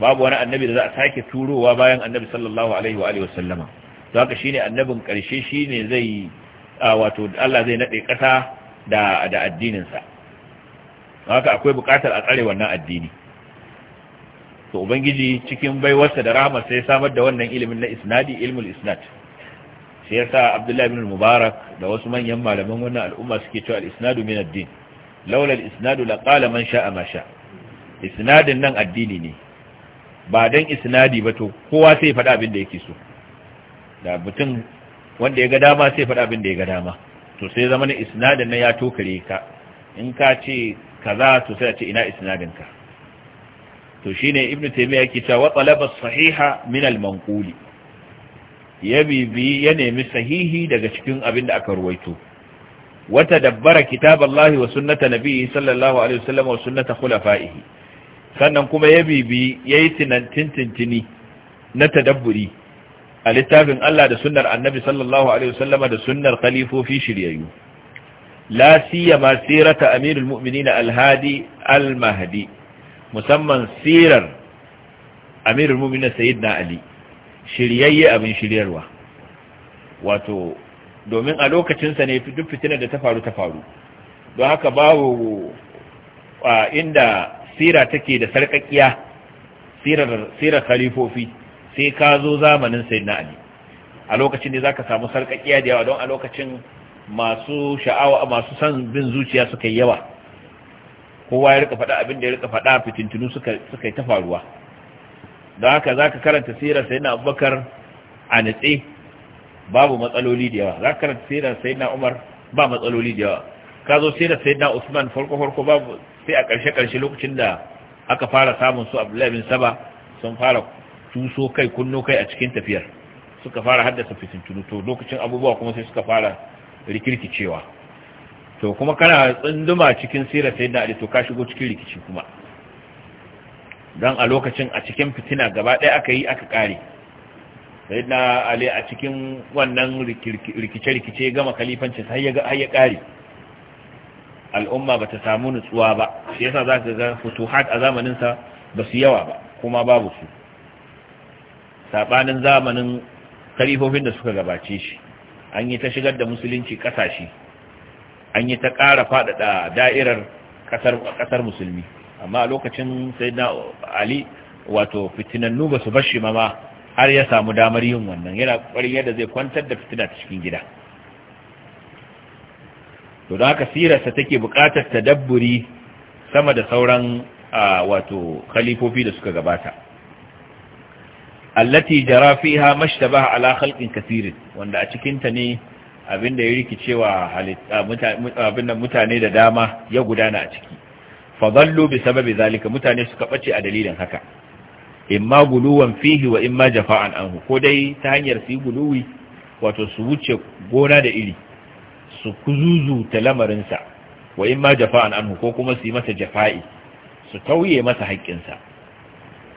babu wani annabi da za a sake turowa bayan annabi sallallahu alaihi wa alihi wasallama To haka ne annabin ƙarshe shine zai wato Allah zai naɗe ƙasa da addininsa. haka akwai bukatar a tsare wannan addini to ubangiji cikin baiwarsa da rahama sai samar da wannan ilimin na isnadi ilmul isnad sai yasa abdullahi ibn mubarak da wasu manyan malaman wannan al'umma suke cewa al-isnadu min ad-din laula al-isnadu qala man sha'a ma sha isnadin nan addini ne ba dan isnadi ba to kowa sai faɗa abin da yake so da mutum wanda ya ga dama sai faɗa abin da ya ga dama to sai zama na isnadin nan ya tokare ka in ka ce kaza to sai a ce ina isnadin ka to shine ibnu taymiya yake cewa talaba sahiha min al-manquli ya bibi ya nemi sahihi daga cikin abin da aka ruwaito wata dabbara kitaballahi wa sunnata nabiyyi sallallahu alaihi wasallam wa sunnata khulafa'ihi sannan kuma ya bibi yayi tinantintini na tadabburi a littafin Allah da sunnar annabi sallallahu alaihi wasallama da sunnar khalifofi shiryayyu la siyama sirata amirul mu'minin al-hadi al-mahdi musamman sirar amirul mu'minin sayyidina ali shiryayye abin shiryarwa wato domin a lokacinsa ne duk fitinar da ta faru ta faru don haka babu inda sira take da sarƙaƙiya sirar khalifofi sai ka zo zamanin sayyidina ali a lokacin ne za ka samu sarƙaƙiya da yawa don a lokacin masu sha'awa masu san bin zuciya suka yi yawa kowa ya rika faɗa abin da ya rika faɗa fitintunu suka yi ta faruwa don haka za ka karanta sirar sai na abubakar a nitse babu matsaloli da yawa za ka karanta sirar sai na umar ba matsaloli da yawa ka zo sirar sai na usman farko-farko babu sai a ƙarshe-ƙarshe lokacin da aka fara samun su abdullahi bin saba sun fara tuso kai kunno kai a cikin tafiyar suka fara haddasa fitintunu to lokacin abubuwa kuma sai suka fara rikirkicewa to kuma kana tsunduma cikin sirar sai da to ka shigo cikin rikici kuma don a lokacin a cikin fitina gaba ɗaya aka yi aka ƙare sai da ali a cikin wannan rikice-rikice gama kalifancin har ya ƙare al'umma ba ta samu nutsuwa ba shi yasa za ka ga futuhat a zamaninsa ba su yawa ba kuma babu su saɓanin zamanin kalifofin da suka gabace shi an yi ta shigar da musulunci kasashe an yi ta ƙara faɗaɗa da'irar ƙasar musulmi amma a lokacin sai na ali wato fitinannu ba su bashi mama har ya samu damar yin wannan yana ƙwarin yadda zai kwantar da fitina ta cikin gida to don haka sirarsa take buƙatar dabburi, sama da sauran wato kalifofi da suka gabata allati jara fiha mashtabaha ala khalqin wanda a cikin ta ne abinda ya rikicewa abinda mutane da dama ya gudana a ciki fadallu bi sababi zalika mutane suka bace a dalilin haka imma guluwan fihi wa imma jafa'an anhu ko dai ta hanyar su guluwi wato su wuce gona da iri su kuzuzu ta lamarinsa wa imma jafa'an anhu ko kuma su yi masa jafa'i su tauye masa haƙƙinsa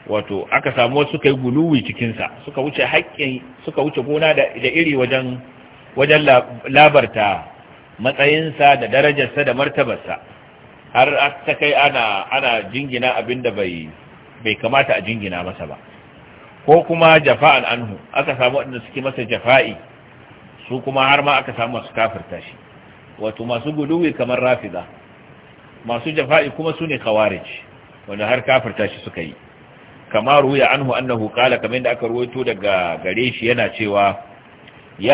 wato aka samu wasu kai guluwi cikinsa suka wuce haƙƙin suka wuce gona da iri wajen wajen labarta matsayinsa da darajarsa da martabarsa har ta kai ana ana jingina abinda bai bai kamata a jingina masa ba ko kuma jafa'an anhu aka samu waɗanda suke masa jafa'i su kuma har ma aka samu masu kafirta shi wato masu guluwi kamar rafida masu jafa'i kuma su ne khawarij wanda har kafirta shi suka yi kamar ruya anhu annahu qala kamar da aka ruwaito daga gare shi yana cewa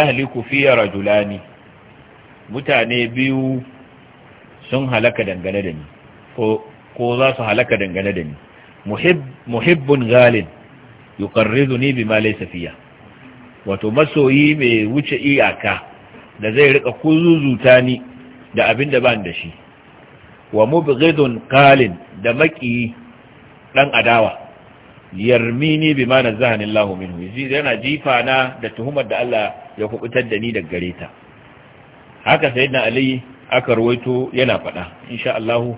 haliku fi rajulani mutane biyu sun halaka dangane da ni ko za su halaka dangane da ni muhib galin, ghalin yuqarriduni bima laysa fiya wato masoyi mai wuce iyaka da zai rika kuzuzuta ni da abin da ban da shi wa mubghidun qalin da maki dan adawa yarmini bima nazahani Allahu minhu yana jifa na da tuhumar da Allah ya kubutar da ni daga gare ta haka sayyidina Ali aka ruwaito yana faɗa insha Allah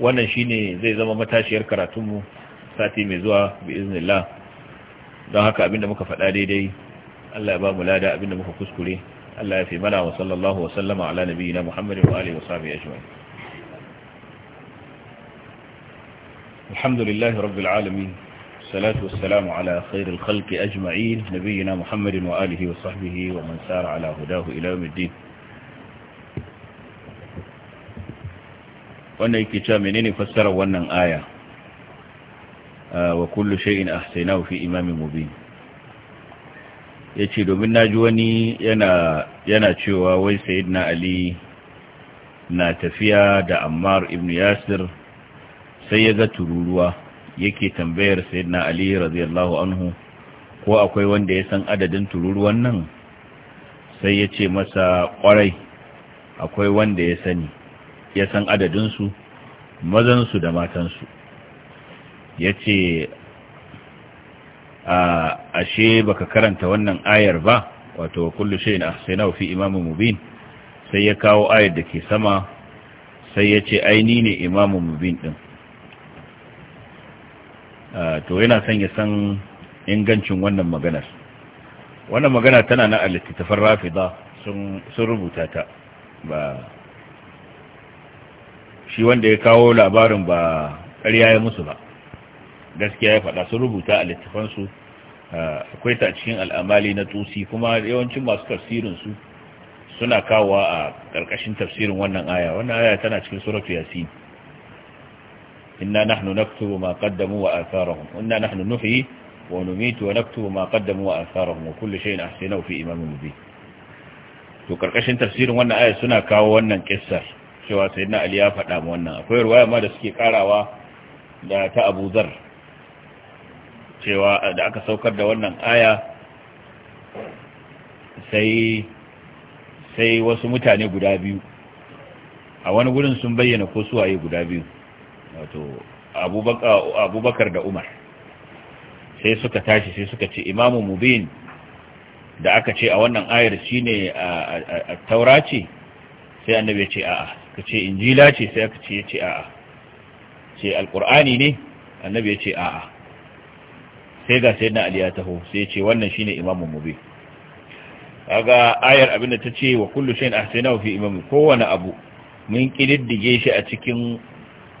wannan shine zai zama matashiyar karatun mu sati mai zuwa bi iznillah don haka abinda muka faɗa daidai Allah ya ba mu lada abinda muka kuskure Allah ya fi mana wa sallallahu wa sallama ala nabiyina Muhammadin wa alihi wa sahbihi ajma'in Alhamdulillahi rabbil alamin والصلاة والسلام على خير الخلق أجمعين نبينا محمد وآله وصحبه ومن سار على هداه إلى يوم الدين wannan yake cewa menene fassarar wannan aya wa kullu shay'in ahsaynahu fi imamin mubin yace domin naji wani yana yana cewa wai sayyidina ali na tafiya da ammar ibn yasir sai ya ga tururuwa yake tambayar sayyidina ali radiyallahu anhu ko akwai wanda ya san adadin tururuwan nan sai ya ce masa kwarai akwai wanda ya sani ya san adadinsu su da matan su ya ce ashe baka karanta wannan ayar ba wato kullu shayin ahsanahu fi imamin mubin sai ya kawo ayar da ke sama sai ya ce ni ne imamin mubin din Ah, to yana son ya san ingancin wannan maganar wannan magana tana na littattafan rafida sun rubuta ta ba shi wanda ya kawo labarin ba ƙarya ya musu ba gaskiya ya faɗa sun rubuta a littafansu ah, akwai ta cikin al'amali na tusi kuma yawancin masu tafsirin su suna kawowa a ƙarƙashin tafsirin wannan aya wannan aya tana cikin suratu yasin إنا نحن نكتب ما قدموا وآثارهم إنا نحن نحيي ونميت ونكتب ما قدموا وآثارهم وكل شيء أحسنه في إمام مبين to karkashin tafsirin wannan aya suna kawo wannan kissar cewa sayyidina Ali ya faɗa mu wannan akwai ruwaya ma da suke karawa da ta Abu Dharr cewa da aka saukar da wannan aya sai sai wasu mutane guda biyu a wani gurin sun bayyana ko suwaye guda biyu wato abubakar da umar sai suka tashi sai suka ce imamu mubin da aka ce a wannan ayar shi ne a taura ce sai annabi ya ce a'a ka ce injila ce sai aka ce ya ce a'a ce alkur'ani ne annabi ya ce a'a sai ga sai na aliya taho sai ya ce wannan shi ne imamu mubin aga ayar abinda ta ce wa kullu shayin ahsanahu fi imam kowane abu mun kididdige shi a cikin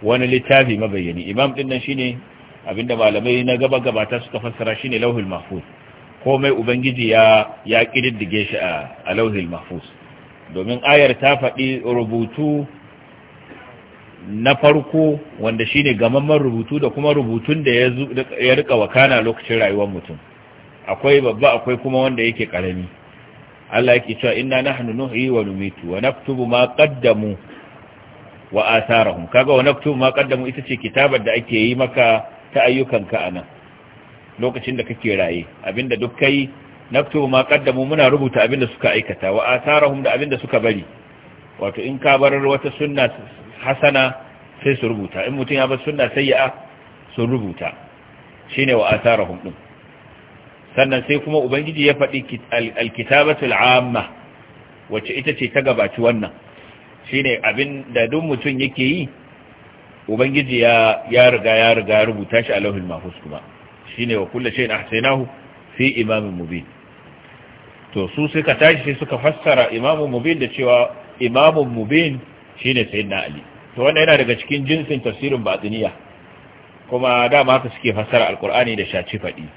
wani littafi mabayyani imam din nan shine abinda malamai na gaba gabata suka fassara shine lauhul mahfuz komai ubangiji ya ya kididdige shi a lauhul mahfuz domin ayar ta faɗi rubutu na farko wanda shine gamamman rubutu da kuma rubutun da ya rika wakana lokacin rayuwar mutum akwai babba akwai kuma wanda yake karami Allah yake cewa inna nahnu nuhyi wa numitu wa naktubu ma qaddamu wa kaga wa naktubu ma qaddamu ita ce kitabar da ake yi maka ta ayyukanka anan lokacin da kake raye abinda duk kai naktubu ma qaddamu muna rubuta abinda suka aikata wa atharahum da abinda suka bari wato in ka barar wata sunna hasana sai su rubuta in mutum ya bar sunna sayyi'a su rubuta shine wa atharahum din sannan sai kuma ubangiji ya faɗi alkitabatul amma wacce ita ce ta gabaci wannan shine abin da duk mutum yake yi ubangiji ya ya riga ya riga rubuta shi a lauhul mahfuz kuma shine wa kullu shay'in ahsaynahu fi imamin mubin to su suka tashi sai suka fassara Imamin mubin da cewa Imamin mubin shine sayyidina ali to wannan yana daga cikin jinsin tafsirin batiniya kuma dama haka suke fassara alkur'ani da shaci faɗi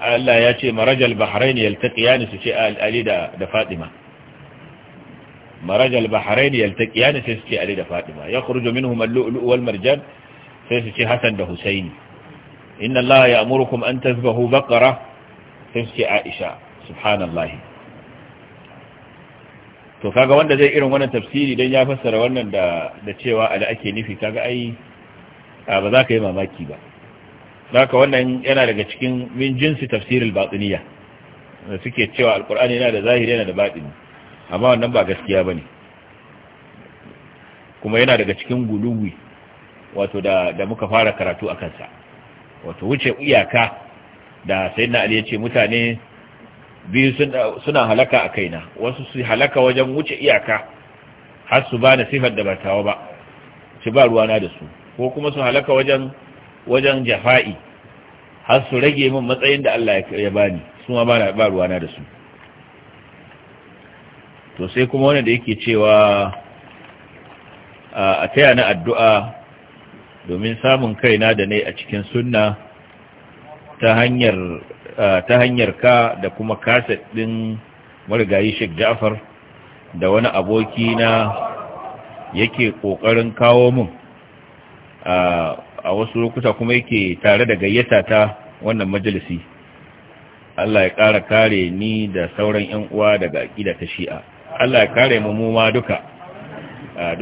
Allah ya ce marajal bahrain yaltaqiyani su ce ali da da fatima marajal bahrain yaltaqiyani sai su ce ali da fatima yakhruju minhum al-lu'lu' wal marjan sai su ce da husaini inna allaha ya'murukum an tazbahu baqara sai su aisha subhanallahi to kaga wanda zai irin wannan tafsiri dan ya fassara wannan da da cewa ala ake nufi kaga ai ba za ka yi mamaki ba zaka wannan yana daga cikin min jinsi tafsirul batiniya da suke cewa Alƙur'ani yana da zahiri yana da batini amma wannan ba gaskiya ba ne. kuma yana daga cikin guluwi wato da muka fara karatu a kansa wato wuce iyaka da sayyidina ali ya ce mutane biyu suna halaka a kaina wasu su halaka wajen wuce iyaka har su bani sifar da batawa ba su ba ruwana da su ko kuma su halaka wajen wajen jafa'i har su rage min matsayin da Allah ya bani su ma ba ruwana da su to sai kuma wanda da yake cewa a taya na addu'a domin samun kaina da ne a cikin sunna ta hanyar ta ka da kuma kaset din marigayi Sheikh Ja'far da wani aboki na yake ƙoƙarin kawo mun a wasu lokuta kuma yake tare da gayyata ta wannan majalisi Allah ya ƙara kare ni da sauran 'yan uwa daga aƙida ta shi'a Allah ya kare mu muma ma duka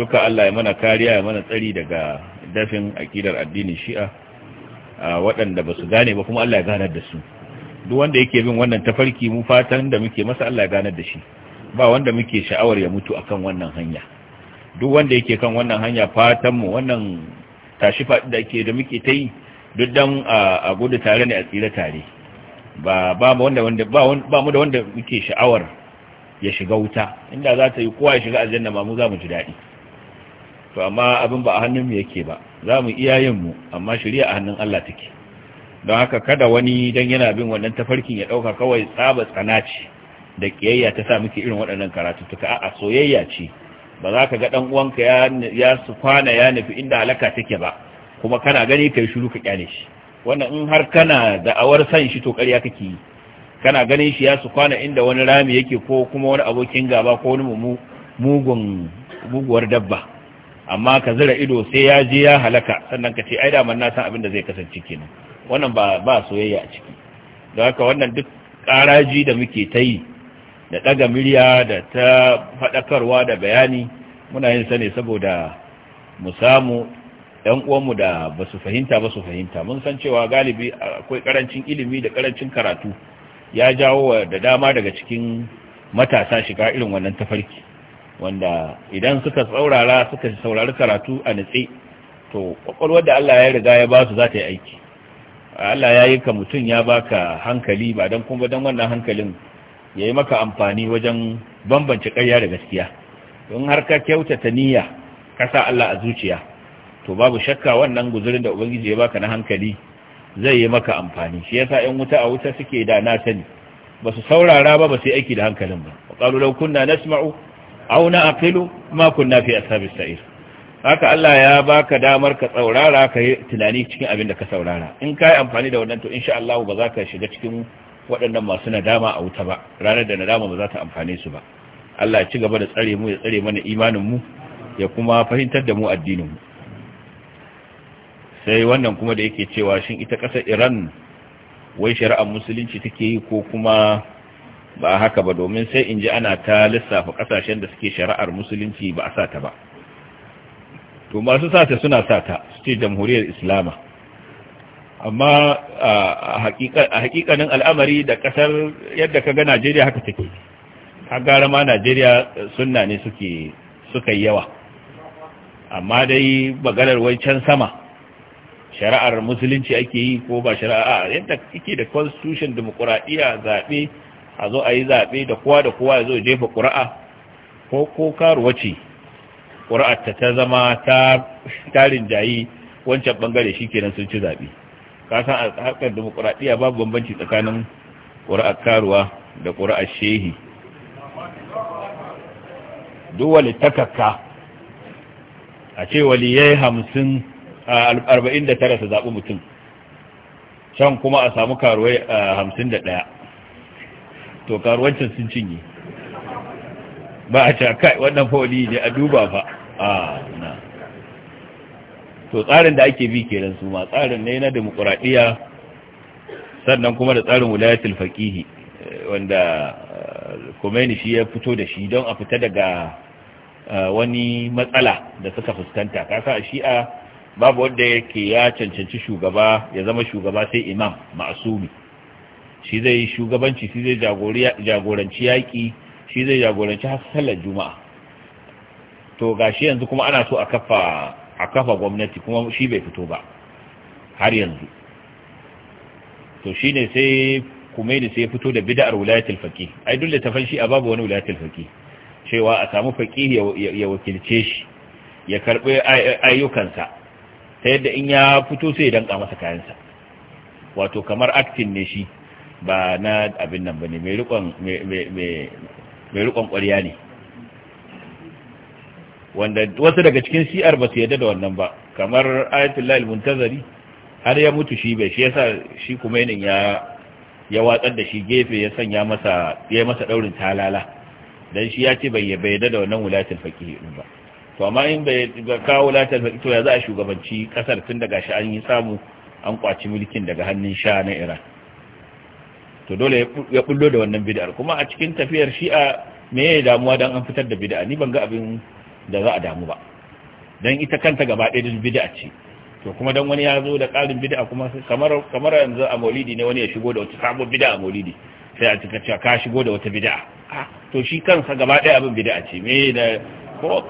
duka Allah ya mana kariya ya mana tsari daga dafin akidar addinin shi'a waɗanda ba su gane ba kuma Allah ya ganar da su duk wanda yake bin wannan tafarki mu fatan da muke masa Allah ya ganar da shi ba wanda muke sha'awar ya mutu akan wannan hanya duk wanda yake kan wannan hanya fatan mu wannan tashi faɗi da ke da muke ta yi duk dan a gudu tare ne a tsira tare ba ba mu da wanda muke sha'awar ya shiga wuta inda za ta yi kowa ya shiga aljanna ma mu za mu ji daɗi to amma abin ba a hannun mu yake ba za mu iya mu amma shari'a a hannun Allah take don haka kada wani dan yana bin wannan tafarkin ya ɗauka kawai tsaba tsana ce da kiyayya ta sa muke irin waɗannan karatuttuka a soyayya ce ba za ka ga ɗan uwanka ya su kwana ya nufi inda halaka take ba kuma kana gani kai shiru ka kyale shi wannan in har kana da'awar san shi to ƙarya kake yi kana ganin shi ya su kwana inda wani rami yake ko kuma wani abokin gaba ko wani mugun muguwar dabba amma ka zira ido sai ya je ya halaka sannan ka ce ai da man san abin da zai kasance kenan wannan ba ba soyayya a ciki don haka wannan duk karaji da muke ta yi da daga miliya da ta faɗakarwa da bayani muna yin sa ne saboda mu samu ‘yan uwanmu da basu fahimta ba su fahimta mun san cewa galibi akwai karancin ilimi da karancin karatu ya jawo da dama daga cikin matasa shiga irin wannan tafarki wanda idan suka tsaurara suka saurari karatu a nitse to kwakwalwar da Allah ya riga ya ba su za ta yi aiki Allah ya yi ka mutum ya baka hankali ba don kuma don wannan hankalin ya yi maka amfani wajen bambance karya da gaskiya don har ka kyautata niyya ka sa Allah a zuciya to babu shakka wannan guzurin da ubangiji ya baka na hankali zai yi maka amfani shi yasa in wuta a wuta suke da na sani ba su saurara ba ba sai aiki da hankalin ba wa qalu law kunna nasma'u aw na'qilu ma kunna fi ashabis sa'ir haka Allah ya baka damar ka saurara ka yi tunani cikin abin da ka saurara in ka yi amfani da wannan to insha Allah ba za ka shiga cikin waɗannan masu nadama a wuta ba ranar da nadama ba za ta amfane su ba Allah ya ci gaba da tsare mu ya tsare mana imanin mu ya kuma fahimtar da mu addinin mu sai wannan kuma da yake cewa shin ita ƙasar iran wai shari'ar musulunci take yi ko kuma ba haka ba domin sai in ji ana ta lissafa ƙasashen da suke shari'ar musulunci ba a sa ta ba to masu sa ta suna sa ta su ce jamhuriyar islama amma a haƙiƙanin al'amari da ƙasar yadda ka ga najeriya haka take har gara ma najeriya eh, sunna ne suka yi yawa amma dai maganar wai can sama shari'ar musulunci ake yi ko ba shari'a a yadda kike da constitution demokuraɗiyya zaɓe a zo a yi zaɓe da kowa da kowa ya zo jefa ƙura'a ko ko karuwa ce ƙura'ar ta zama ta tarin jayi wancan ɓangare shi kenan sun ci zaɓe ka a harkar demokuraɗiyya babu bambanci tsakanin ƙura'a karuwa da ƙura'a shehi duk wali a ce waliyai hamsin 49 su zaɓi mutum can kuma a samu karuwai hamsin da ɗaya to karuwancin sun cinye ba a cakai wannan fa'oli ne a duba fa a na to tsarin da ake bi kenan su ma tsarin ne na demokuraɗiyya sannan kuma da tsarin wilayatul faƙihi eh, wanda eh, komeni shi ya fito da shi don a fita daga eh, wani matsala da suka fuskanta kasa a shi'a babu wanda yake ya cancanci shugaba ya zama shugaba sai imam ma'asumi shi zai shugabanci shi zai jagoranci yaƙi shi zai jagoranci hasalar juma'a to gashi yanzu kuma ana so a kafa a kafa gwamnati kuma shi bai fito ba har yanzu to shi ne sai kumaini sai ya fito da bida'ar wulayatul faƙi. ai dole ta fanshi a babu wani wulayatul faƙi. cewa a samu faƙi ya wakilce shi ya karbi ayyukansa ta yadda in ya fito sai ya danka masa kayansa wato kamar acting ne shi ba na abin nan bane mai rikon mai rikon ne wanda wasu daga cikin CR ba su yadda da wannan ba kamar Ayatollah al-Muntazari har ya mutu shi bai shi yasa shi kuma ya ya watsar da shi gefe ya sanya masa ya masa daurin talala dan shi ya ce bai yadda da wannan wulatul faqih din ba to amma in bai ga kawo latar da to ya za a shugabanci kasar tun daga shi an yi samu an kwaci mulkin daga hannun sha na iran to dole ya bullo da wannan bid'ar kuma a cikin tafiyar shi'a me ya damuwa dan an fitar da bid'a ni ban ga abin da za a damu ba dan ita kanta gaba ɗaya din bid'a ce to kuma dan wani ya zo da ƙarin bid'a kuma kamar kamar yanzu a maulidi ne wani ya shigo da wata sabon bid'a a maulidi sai a cika cewa ka shigo da wata bid'a ah, to shi kansa gaba ɗaya abin bid'a ce me da ko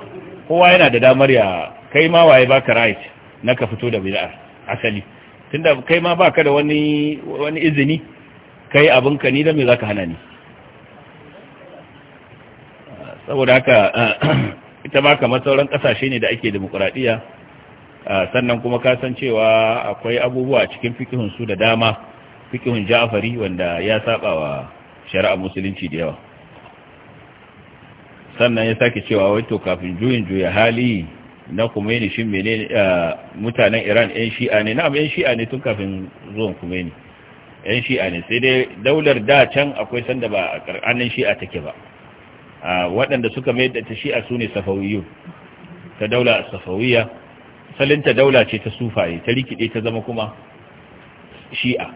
kowa yana da damar ya kai ma waye baka right na ka fito da bid'a asali tunda kai ma baka da wani wani izini kai ka ni da me zaka hana ni saboda haka ita ma kamar sauran kasashe ne da ake demokradiya sannan kuma ka san cewa akwai abubuwa cikin fikihun su da dama fikihun jafari wanda ya saba wa shari'ar musulunci da yawa sannan ya sake cewa wai to kafin juyin juya hali na kumeni shi mene mutanen iran yan shi'a ne na'am yan shi'a ne tun kafin zuwan kumeni yan shi'a ne sai dai daular da can akwai sanda ba a karkanin shi'a take ba waɗanda suka mai da ta shi'a su ne safawiyu ta daula salin salinta daula ce ta sufaye ta rikide ta zama kuma shi'a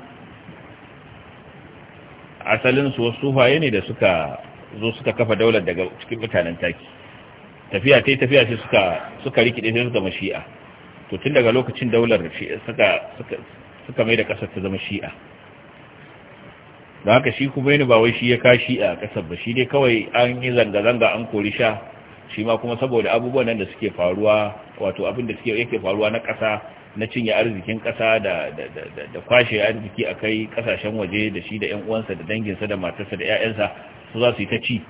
asalinsu wasu sufaye ne da suka zo suka kafa daular daga cikin mutanen taki tafiya ta tafiya sai suka suka rikide sai zama mashi'a to tun daga lokacin daular suka suka mai da kasar ta zama shi'a da haka shi kuma yana ba wai shi ya ka shi'a ƙasar ba shi ne kawai an yi zanga-zanga an kori sha shi ma kuma saboda abubuwan nan da suke faruwa wato abin da suke yake faruwa na kasa na cinye arzikin ƙasa da da kwashe arziki a kai ƙasashen waje da shi da 'yan uwansa da danginsa da matarsa da 'ya'yansa su za su yi ta ci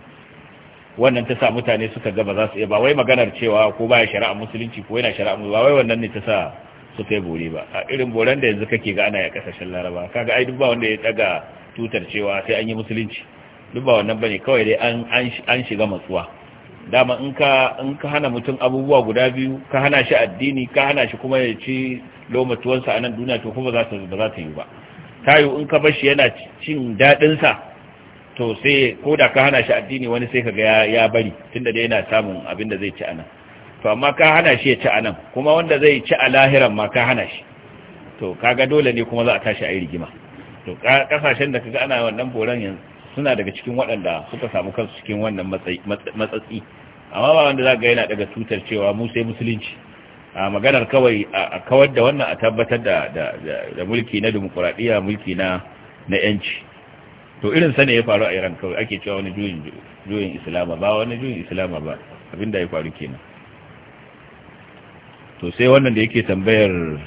wannan ta sa mutane suka ga za su iya ba wai maganar cewa ko baya shari'a musulunci ko yana shari'a ba wai wannan ne ta sa su kai bore ba a irin boren da yanzu kake ga ana ya kasashen laraba kaga ai duk ba wanda ya daga tutar cewa sai an yi musulunci duk ba wannan bane kawai dai an an shiga matsuwa dama in ka in ka hana mutum abubuwa guda biyu ka hana shi addini ka hana shi kuma ya ci lomatuwansa a nan duniya to kuma za ta ba za ta yi ba tayo in ka bar shi yana cin dadin sa to sai ko da ka hana shi addini wani sai ka ga ya bari tunda dai yana samun abin da zai ci anan to amma ka hana shi ya ci anan kuma wanda zai ci a lahiran ma ka hana shi to kaga dole ne kuma za a tashi a yi rigima to kasashen da kaga ana wannan boran yanzu suna daga cikin waɗanda suka samu kansu cikin wannan matsatsi amma ba wanda za ga yana daga tutar cewa mu sai musulunci a maganar kawai a kawar da wannan a tabbatar da mulki na dimokuraɗiyya mulki na yanci to irin sa ne ya faru a Iran kawai ake cewa wani juyin Islama ba wani juyin Islama ba abinda ya faru kenan to sai wannan da yake tambayar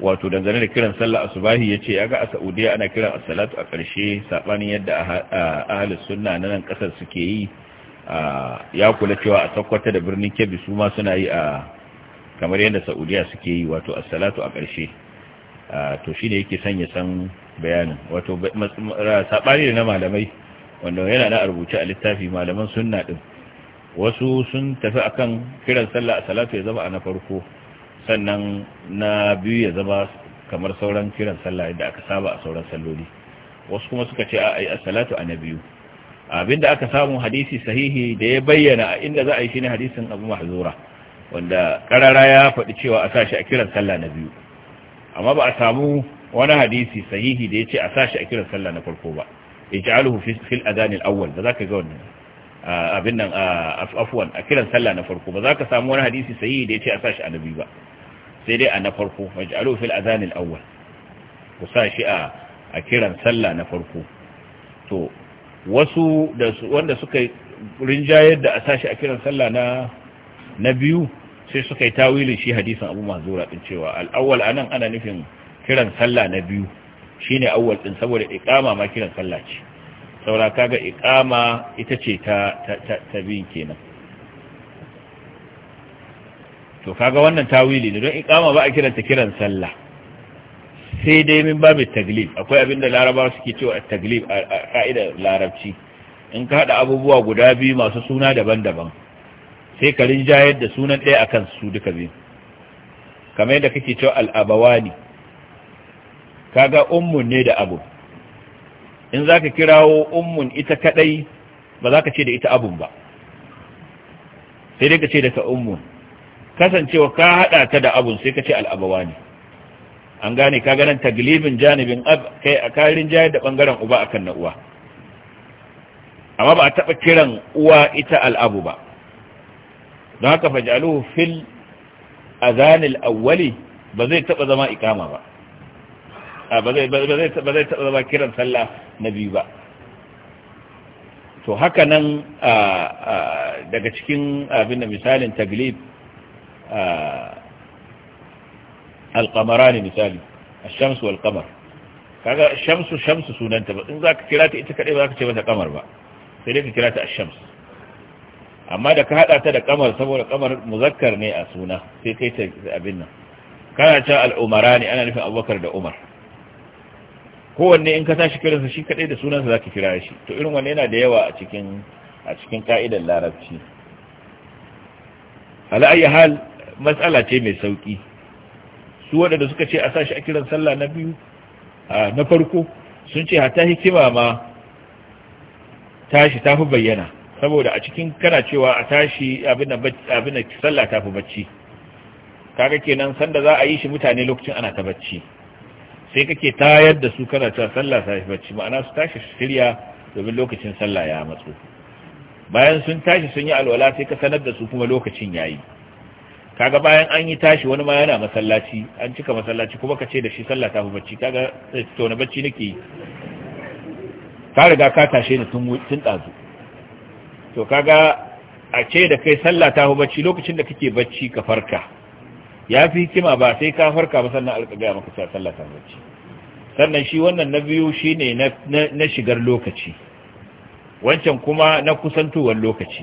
wato dangane da kiran sallah asubahi yace yaga a Saudiya ana kiran as-salatu a ƙarshe sabanin yadda ahli sunna na nan kasar suke yi ya kula cewa a sakwata da birnin Kebbi su ma suna yi a kamar yadda Saudiya suke yi wato as a ƙarshe to shine yake sanya san bayanin wato saɓani na malamai wanda yana na rubuce a littafi malaman sunna ɗin wasu sun tafi akan kiran sallah a salatu ya zama a na farko sannan na biyu ya zama kamar sauran kiran sallah yadda aka saba a sauran salloli wasu kuma suka ce a salatu a na biyu abinda aka samu hadisi sahihi da ya bayyana a inda za a yi shi ne hadisin abu mahzura wanda karara ya faɗi cewa a sa shi a kiran sallah na biyu amma ba a samu wani hadisi sahihi da ce a sashi a kiran sallah na farko ba ij'aluhu fil adhan al-awwal ba zaka ga wannan abin nan afwan a kiran sallah na farko ba zaka samu wani hadisi sahihi da ce a sashi annabi ba sai dai a na farko ij'aluhu fil adhan al-awwal ku sashi a a kiran sallah na farko to wasu da wanda suka rinjayar da a sashi a kiran sallah na na biyu sai suka yi tawilin shi hadisin abu mazura din cewa al-awwal anan ana nufin kiran sallah na biyu shine awwal din saboda iqama ma kiran sallah ce saboda kaga iqama ita ce ta ta biyun kenan to kaga wannan tawili ne don iqama ba a kiranta kiran sallah sai dai min babu taglib akwai abinda Laraba suke cewa taglib a ka'idar larabci in ka haɗa abubuwa guda biyu masu suna daban-daban sai ka rinjayar da sunan ɗaya akan su duka biyu kamar yadda kake cewa al'abawani kaga ummun ne da abun, in za ka kirawo ummun ita kadai ba za ka ce da ita abun ba sai dai ka ce da ta ummun kasancewa ka hada ta da abun sai ka ce al'abawa ne an gane ka ganin taglibin janibin ab kai a karin jayar da bangaren uba akan na uwa amma ba a taba kiran uwa ita al'abu ba don haka fajaluhu fil azanil awwali ba zai taba zama ikama ba ba zai taɓa zama kiran sallah na biyu ba to haka nan daga cikin abin da misalin taglib alkamara ne misali a shamsu alkamar kaga shamsu shamsu sunanta ba in za ka kira ta ita kaɗai ba za ka ce mata kamar ba sai dai ka kira ta a shamsu amma da ka haɗa ta da ƙamar saboda ƙamar muzakkar ne a suna sai kai ta abin nan kana ta al'umara ne ana nufin abubakar da umar kowanne in ka tashi kiransa shi kadai da sunansa za ka kira shi to irin wanne yana da yawa a cikin a cikin ka'idar larabci ayi hal matsala ce mai sauki su waɗanda suka ce a sa shi a kiran sallah na biyu na farko sun ce hata hikima ma tashi tafi bayyana saboda a cikin kana cewa a tashi abin da sallah tafi bacci kaga kenan sanda za a yi shi mutane lokacin ana ta bacci sai kake tayar da su kana ta sallah sai bacci ma'ana su tashi shirya domin lokacin sallah ya matso bayan sun tashi sun yi alwala sai ka sanar da su kuma lokacin yayi kaga bayan an yi tashi wani ma yana masallaci an cika masallaci kuma ka ce da shi sallah ta fi bacci kaga sai to na bacci nake yi ka riga ka tashe ni tun tun dazu to kaga a ce da kai sallah ta fi bacci lokacin da kake bacci ka farka ya fi kima ba sai ka farka ba sannan alƙagaya maka cewa sallah ta bacci sannan shi wannan na biyu shi ne na shigar lokaci wancan kuma na kusantowar lokaci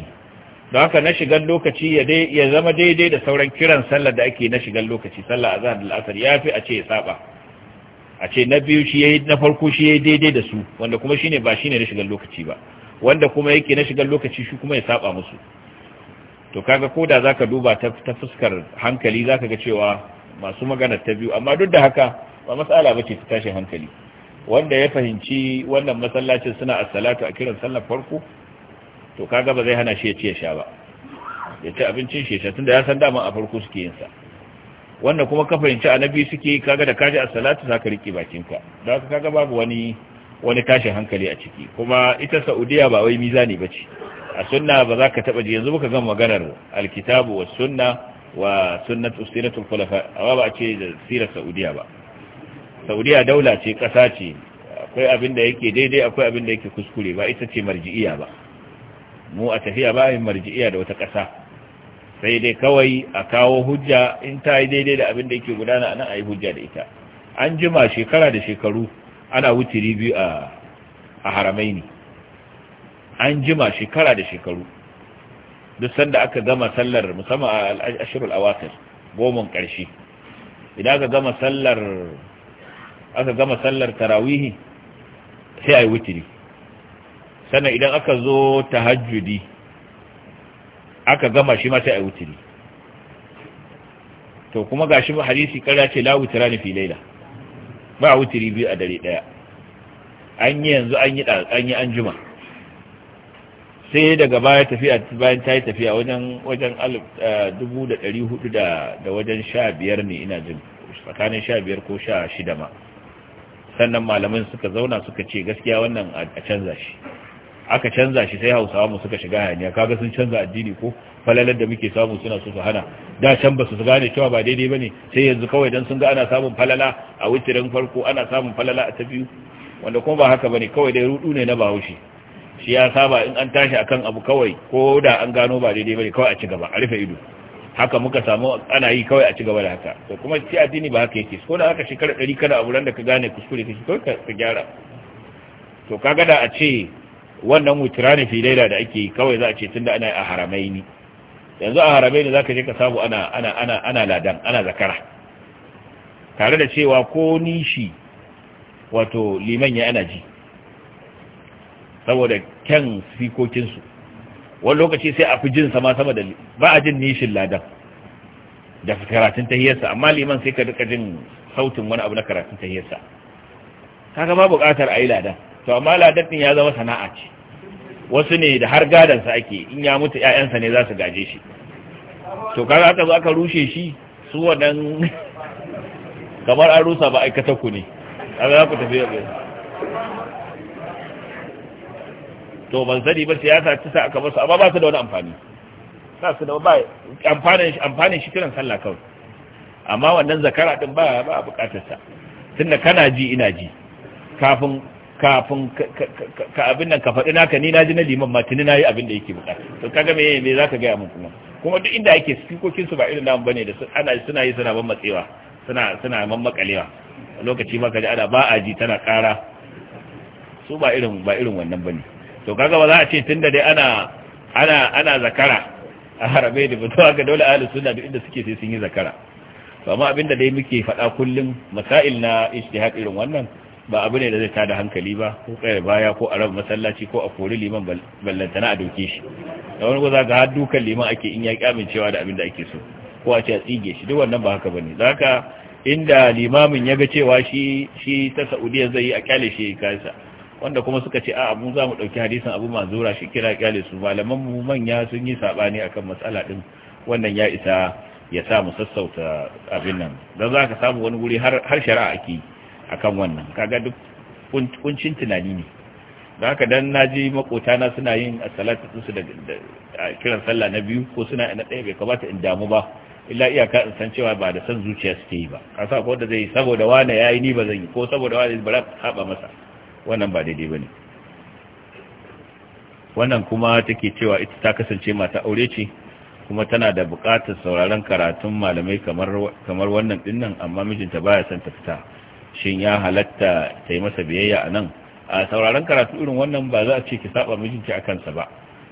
don haka na shigar lokaci ya zama daidai da sauran kiran sallar da ake na shigar lokaci sallar a zahar al'asar ya fi a ce ya saba a ce na biyu shi ya yi na farko shi ya yi daidai da su wanda kuma shi ne ba shi ne na shigar lokaci ba wanda kuma yake na shigar lokaci shi kuma ya saba musu to kaga ko da zaka duba ta ta fuskar hankali zaka ga cewa masu magana ta biyu amma duk da haka ba matsala bace ta tashi hankali wanda ya fahimci wannan masallacin suna as-salatu a kiran sallar farko to kaga ba zai hana shi ya ci ya sha ba ya ci abincin shi sai tunda ya san dama a farko suke yin sa wanda kuma ka fahimci annabi suke kaga da kaji as-salatu zaka riki bakinka da kaga babu wani wani tashin hankali a ciki kuma ita saudiya ba wai mizani ba ce a sunna ba za ka taba ji yanzu muka gan maganar alkitabu wa sunna wa sunna siratul a ba a ce da sirar saudiya ba saudiya daula ce ƙasa ce akwai abin da yake daidai akwai abin da yake kuskure ba ita ce marji'iya ba mu a tafiya ba yin marji'iya da wata kasa sai dai kawai a kawo hujja in ta yi daidai da abin da yake gudana a nan a yi hujja da ita an jima shekara da shekaru ana wutiri biyu a haramai ne an jima shekara da shekaru duk sanda aka gama sallar musamman a al'ashirul awasir goma ƙarshe idan aka gama sallar tarawihi sai a yi wuturi. sannan idan aka zo ta hajjudi aka gama shi ma sai a yi wutiri to kuma ga shi hadisi ƙarya ce la wutirani fi laila ba wutiri biyu a dare daya an yi yanzu an yi an yi an juma sai daga baya tafiya bayan ta yi tafiya wajen wajen alif dubu da ɗari hudu da wajen sha biyar ne ina jin tsakanin sha biyar ko sha shida ma sannan malamin suka zauna suka ce gaskiya wannan a canza shi aka canza shi sai hausawa mu suka shiga hayaniya kaga sun canza addini ko falalar da muke samu suna su hana da can ba su gane cewa ba daidai bane sai yanzu kawai dan sun ga ana samun falala a witirin farko ana samun falala a ta biyu wanda kuma ba haka bane kawai dai rudu ne na bahaushe shi ya saba in an tashi akan abu kawai ko da an gano ba daidai bane kawai a ci gaba a rufe ido haka muka samu ana yi kawai a ci gaba da haka to kuma shi addini ba haka yake ko da haka shekara dari kana abu ran da ka gane kuskure kake kawai ka gyara to kaga da a ce wannan mutirani fi da ake yi kawai za a ce tunda ana yi a haramai ne yanzu a harabe ne za zaka je ka samu ana ladan ana zakara tare da cewa ko nishi wato liman ya ana ji saboda kyan fikokinsu, wani lokaci sai a fi jin sama sama da ba a jin nishin ladan da karatun tahiyarsa amma liman sai ka duka jin sautin wani abu na karatun tahiyarsa kaga gama buƙatar a yi ladan to amma ladan ya zama sana'a ce wasu ne da har gadansa ake in ya mutu ‘ya'yansa ne za su gaje shi to kaga aka zo aka rushe shi su waɗan kamar an rusa ba aikata ku ne a za ku tafiya ba to ban sani ba siyasa ta sa aka basu amma ba su da wani amfani ba su da ba amfanin shi kiran sallah kawai amma wannan zakara din ba ba bukatarsa sa tunda kana ji ina ji kafin kafin ka abin nan ka faɗi naka ni na ji na liman ma tuni na yi abin da yake buƙata to kaga me me za ka gaya mun kuma kuma duk inda ake sikokin su ba irin namu bane da ana suna yi suna mammatsewa suna suna mammakalewa lokaci ma kaji ana ba a ji tana ƙara su ba irin ba irin wannan bane to kaga ba za a ce tunda dai ana ana ana zakara a harabe da fito haka dole ahli sunna duk inda suke sai sun yi zakara to amma abinda dai muke faɗa kullum masail na ijtihad irin wannan ba abu ne da zai tada hankali ba ko tsaye baya ko a rabu masallaci ko a kori liman ballantana a doke shi da wani ko za har dukan liman ake in ya kyamincewa da abin da ake so ko a ce a tsige shi duk wannan ba haka bane za ka inda limamin ya ga cewa shi shi ta saudiya zai yi a kyale shi kansa wanda kuma suka ce a mu za mu ɗauki hadisin abu manzura shi kira kyale su malaman mu manya sun yi saɓani akan matsala ɗin wannan ya isa ya sa mu sassauta abin nan don za ka samu wani wuri har shari'a ake yi akan wannan kaga duk kuncin tunani ne don haka dan ji makotana suna yin salatu su da kiran sallah na biyu ko suna na ɗaya bai kamata in damu ba illa iyaka in san cewa ba da san zuciya suke yi ba kasa ko da zai saboda wane yi ni ba zan yi ko saboda wane ba za saba masa wannan ba daidai bane wannan kuma take cewa ita ta kasance mata aure ce kuma tana da buƙatar sauraron karatun malamai kamar kamar wannan dinnan amma mijinta baya son ta fita shin ya halatta ta yi masa biyayya a nan a sauraron karatu irin wannan ba za a ce ki saba mijinki a kansa ba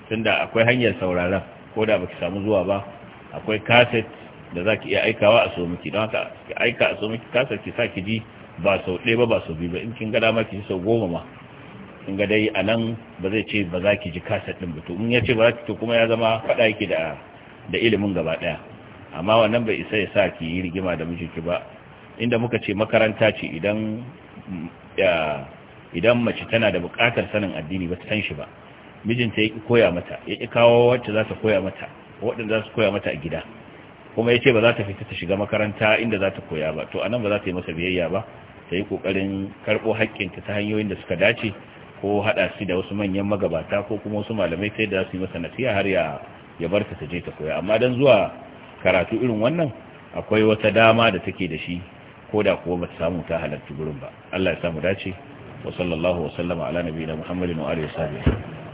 tunda akwai hanyar sauraron ko da baki samu zuwa ba akwai kaset da za ki iya aikawa a somiki don haka ki aika a somiki kaset ki sa ki ji ba sau ɗaya ba ba sau biyu ba in kin ga dama ki ji sau goma ma in ga dai a nan ba zai ce ba za ki ji kaset ɗin ba to in ya ce ba za ki to kuma ya zama faɗa yake da da ilimin gaba ɗaya amma wannan bai isa ya sa ki yi rigima da mijinki ba inda muka ce makaranta ce idan idan mace tana da bukatar sanin addini ba ta san shi ba mijinta ya koya mata ya kawo wacce za ta koya mata waɗanda za su koya mata a gida kuma ya ce ba za ta fita ta shiga makaranta inda za ta koya ba to anan ba za ta yi masa biyayya ba ta yi ƙoƙarin karɓo haƙƙinta ta hanyoyin da suka dace ko haɗa su da wasu manyan magabata ko kuma wasu malamai ta yadda za su yi masa nasiha har ya ya bar ta je ta koya amma don zuwa karatu irin wannan akwai wata dama da take da shi ko da kuwa ba samu ta halarci gurin ba Allah ya samu dace wa sallallahu wa sallama ala da Muhammadin wa alihi wa sahbihi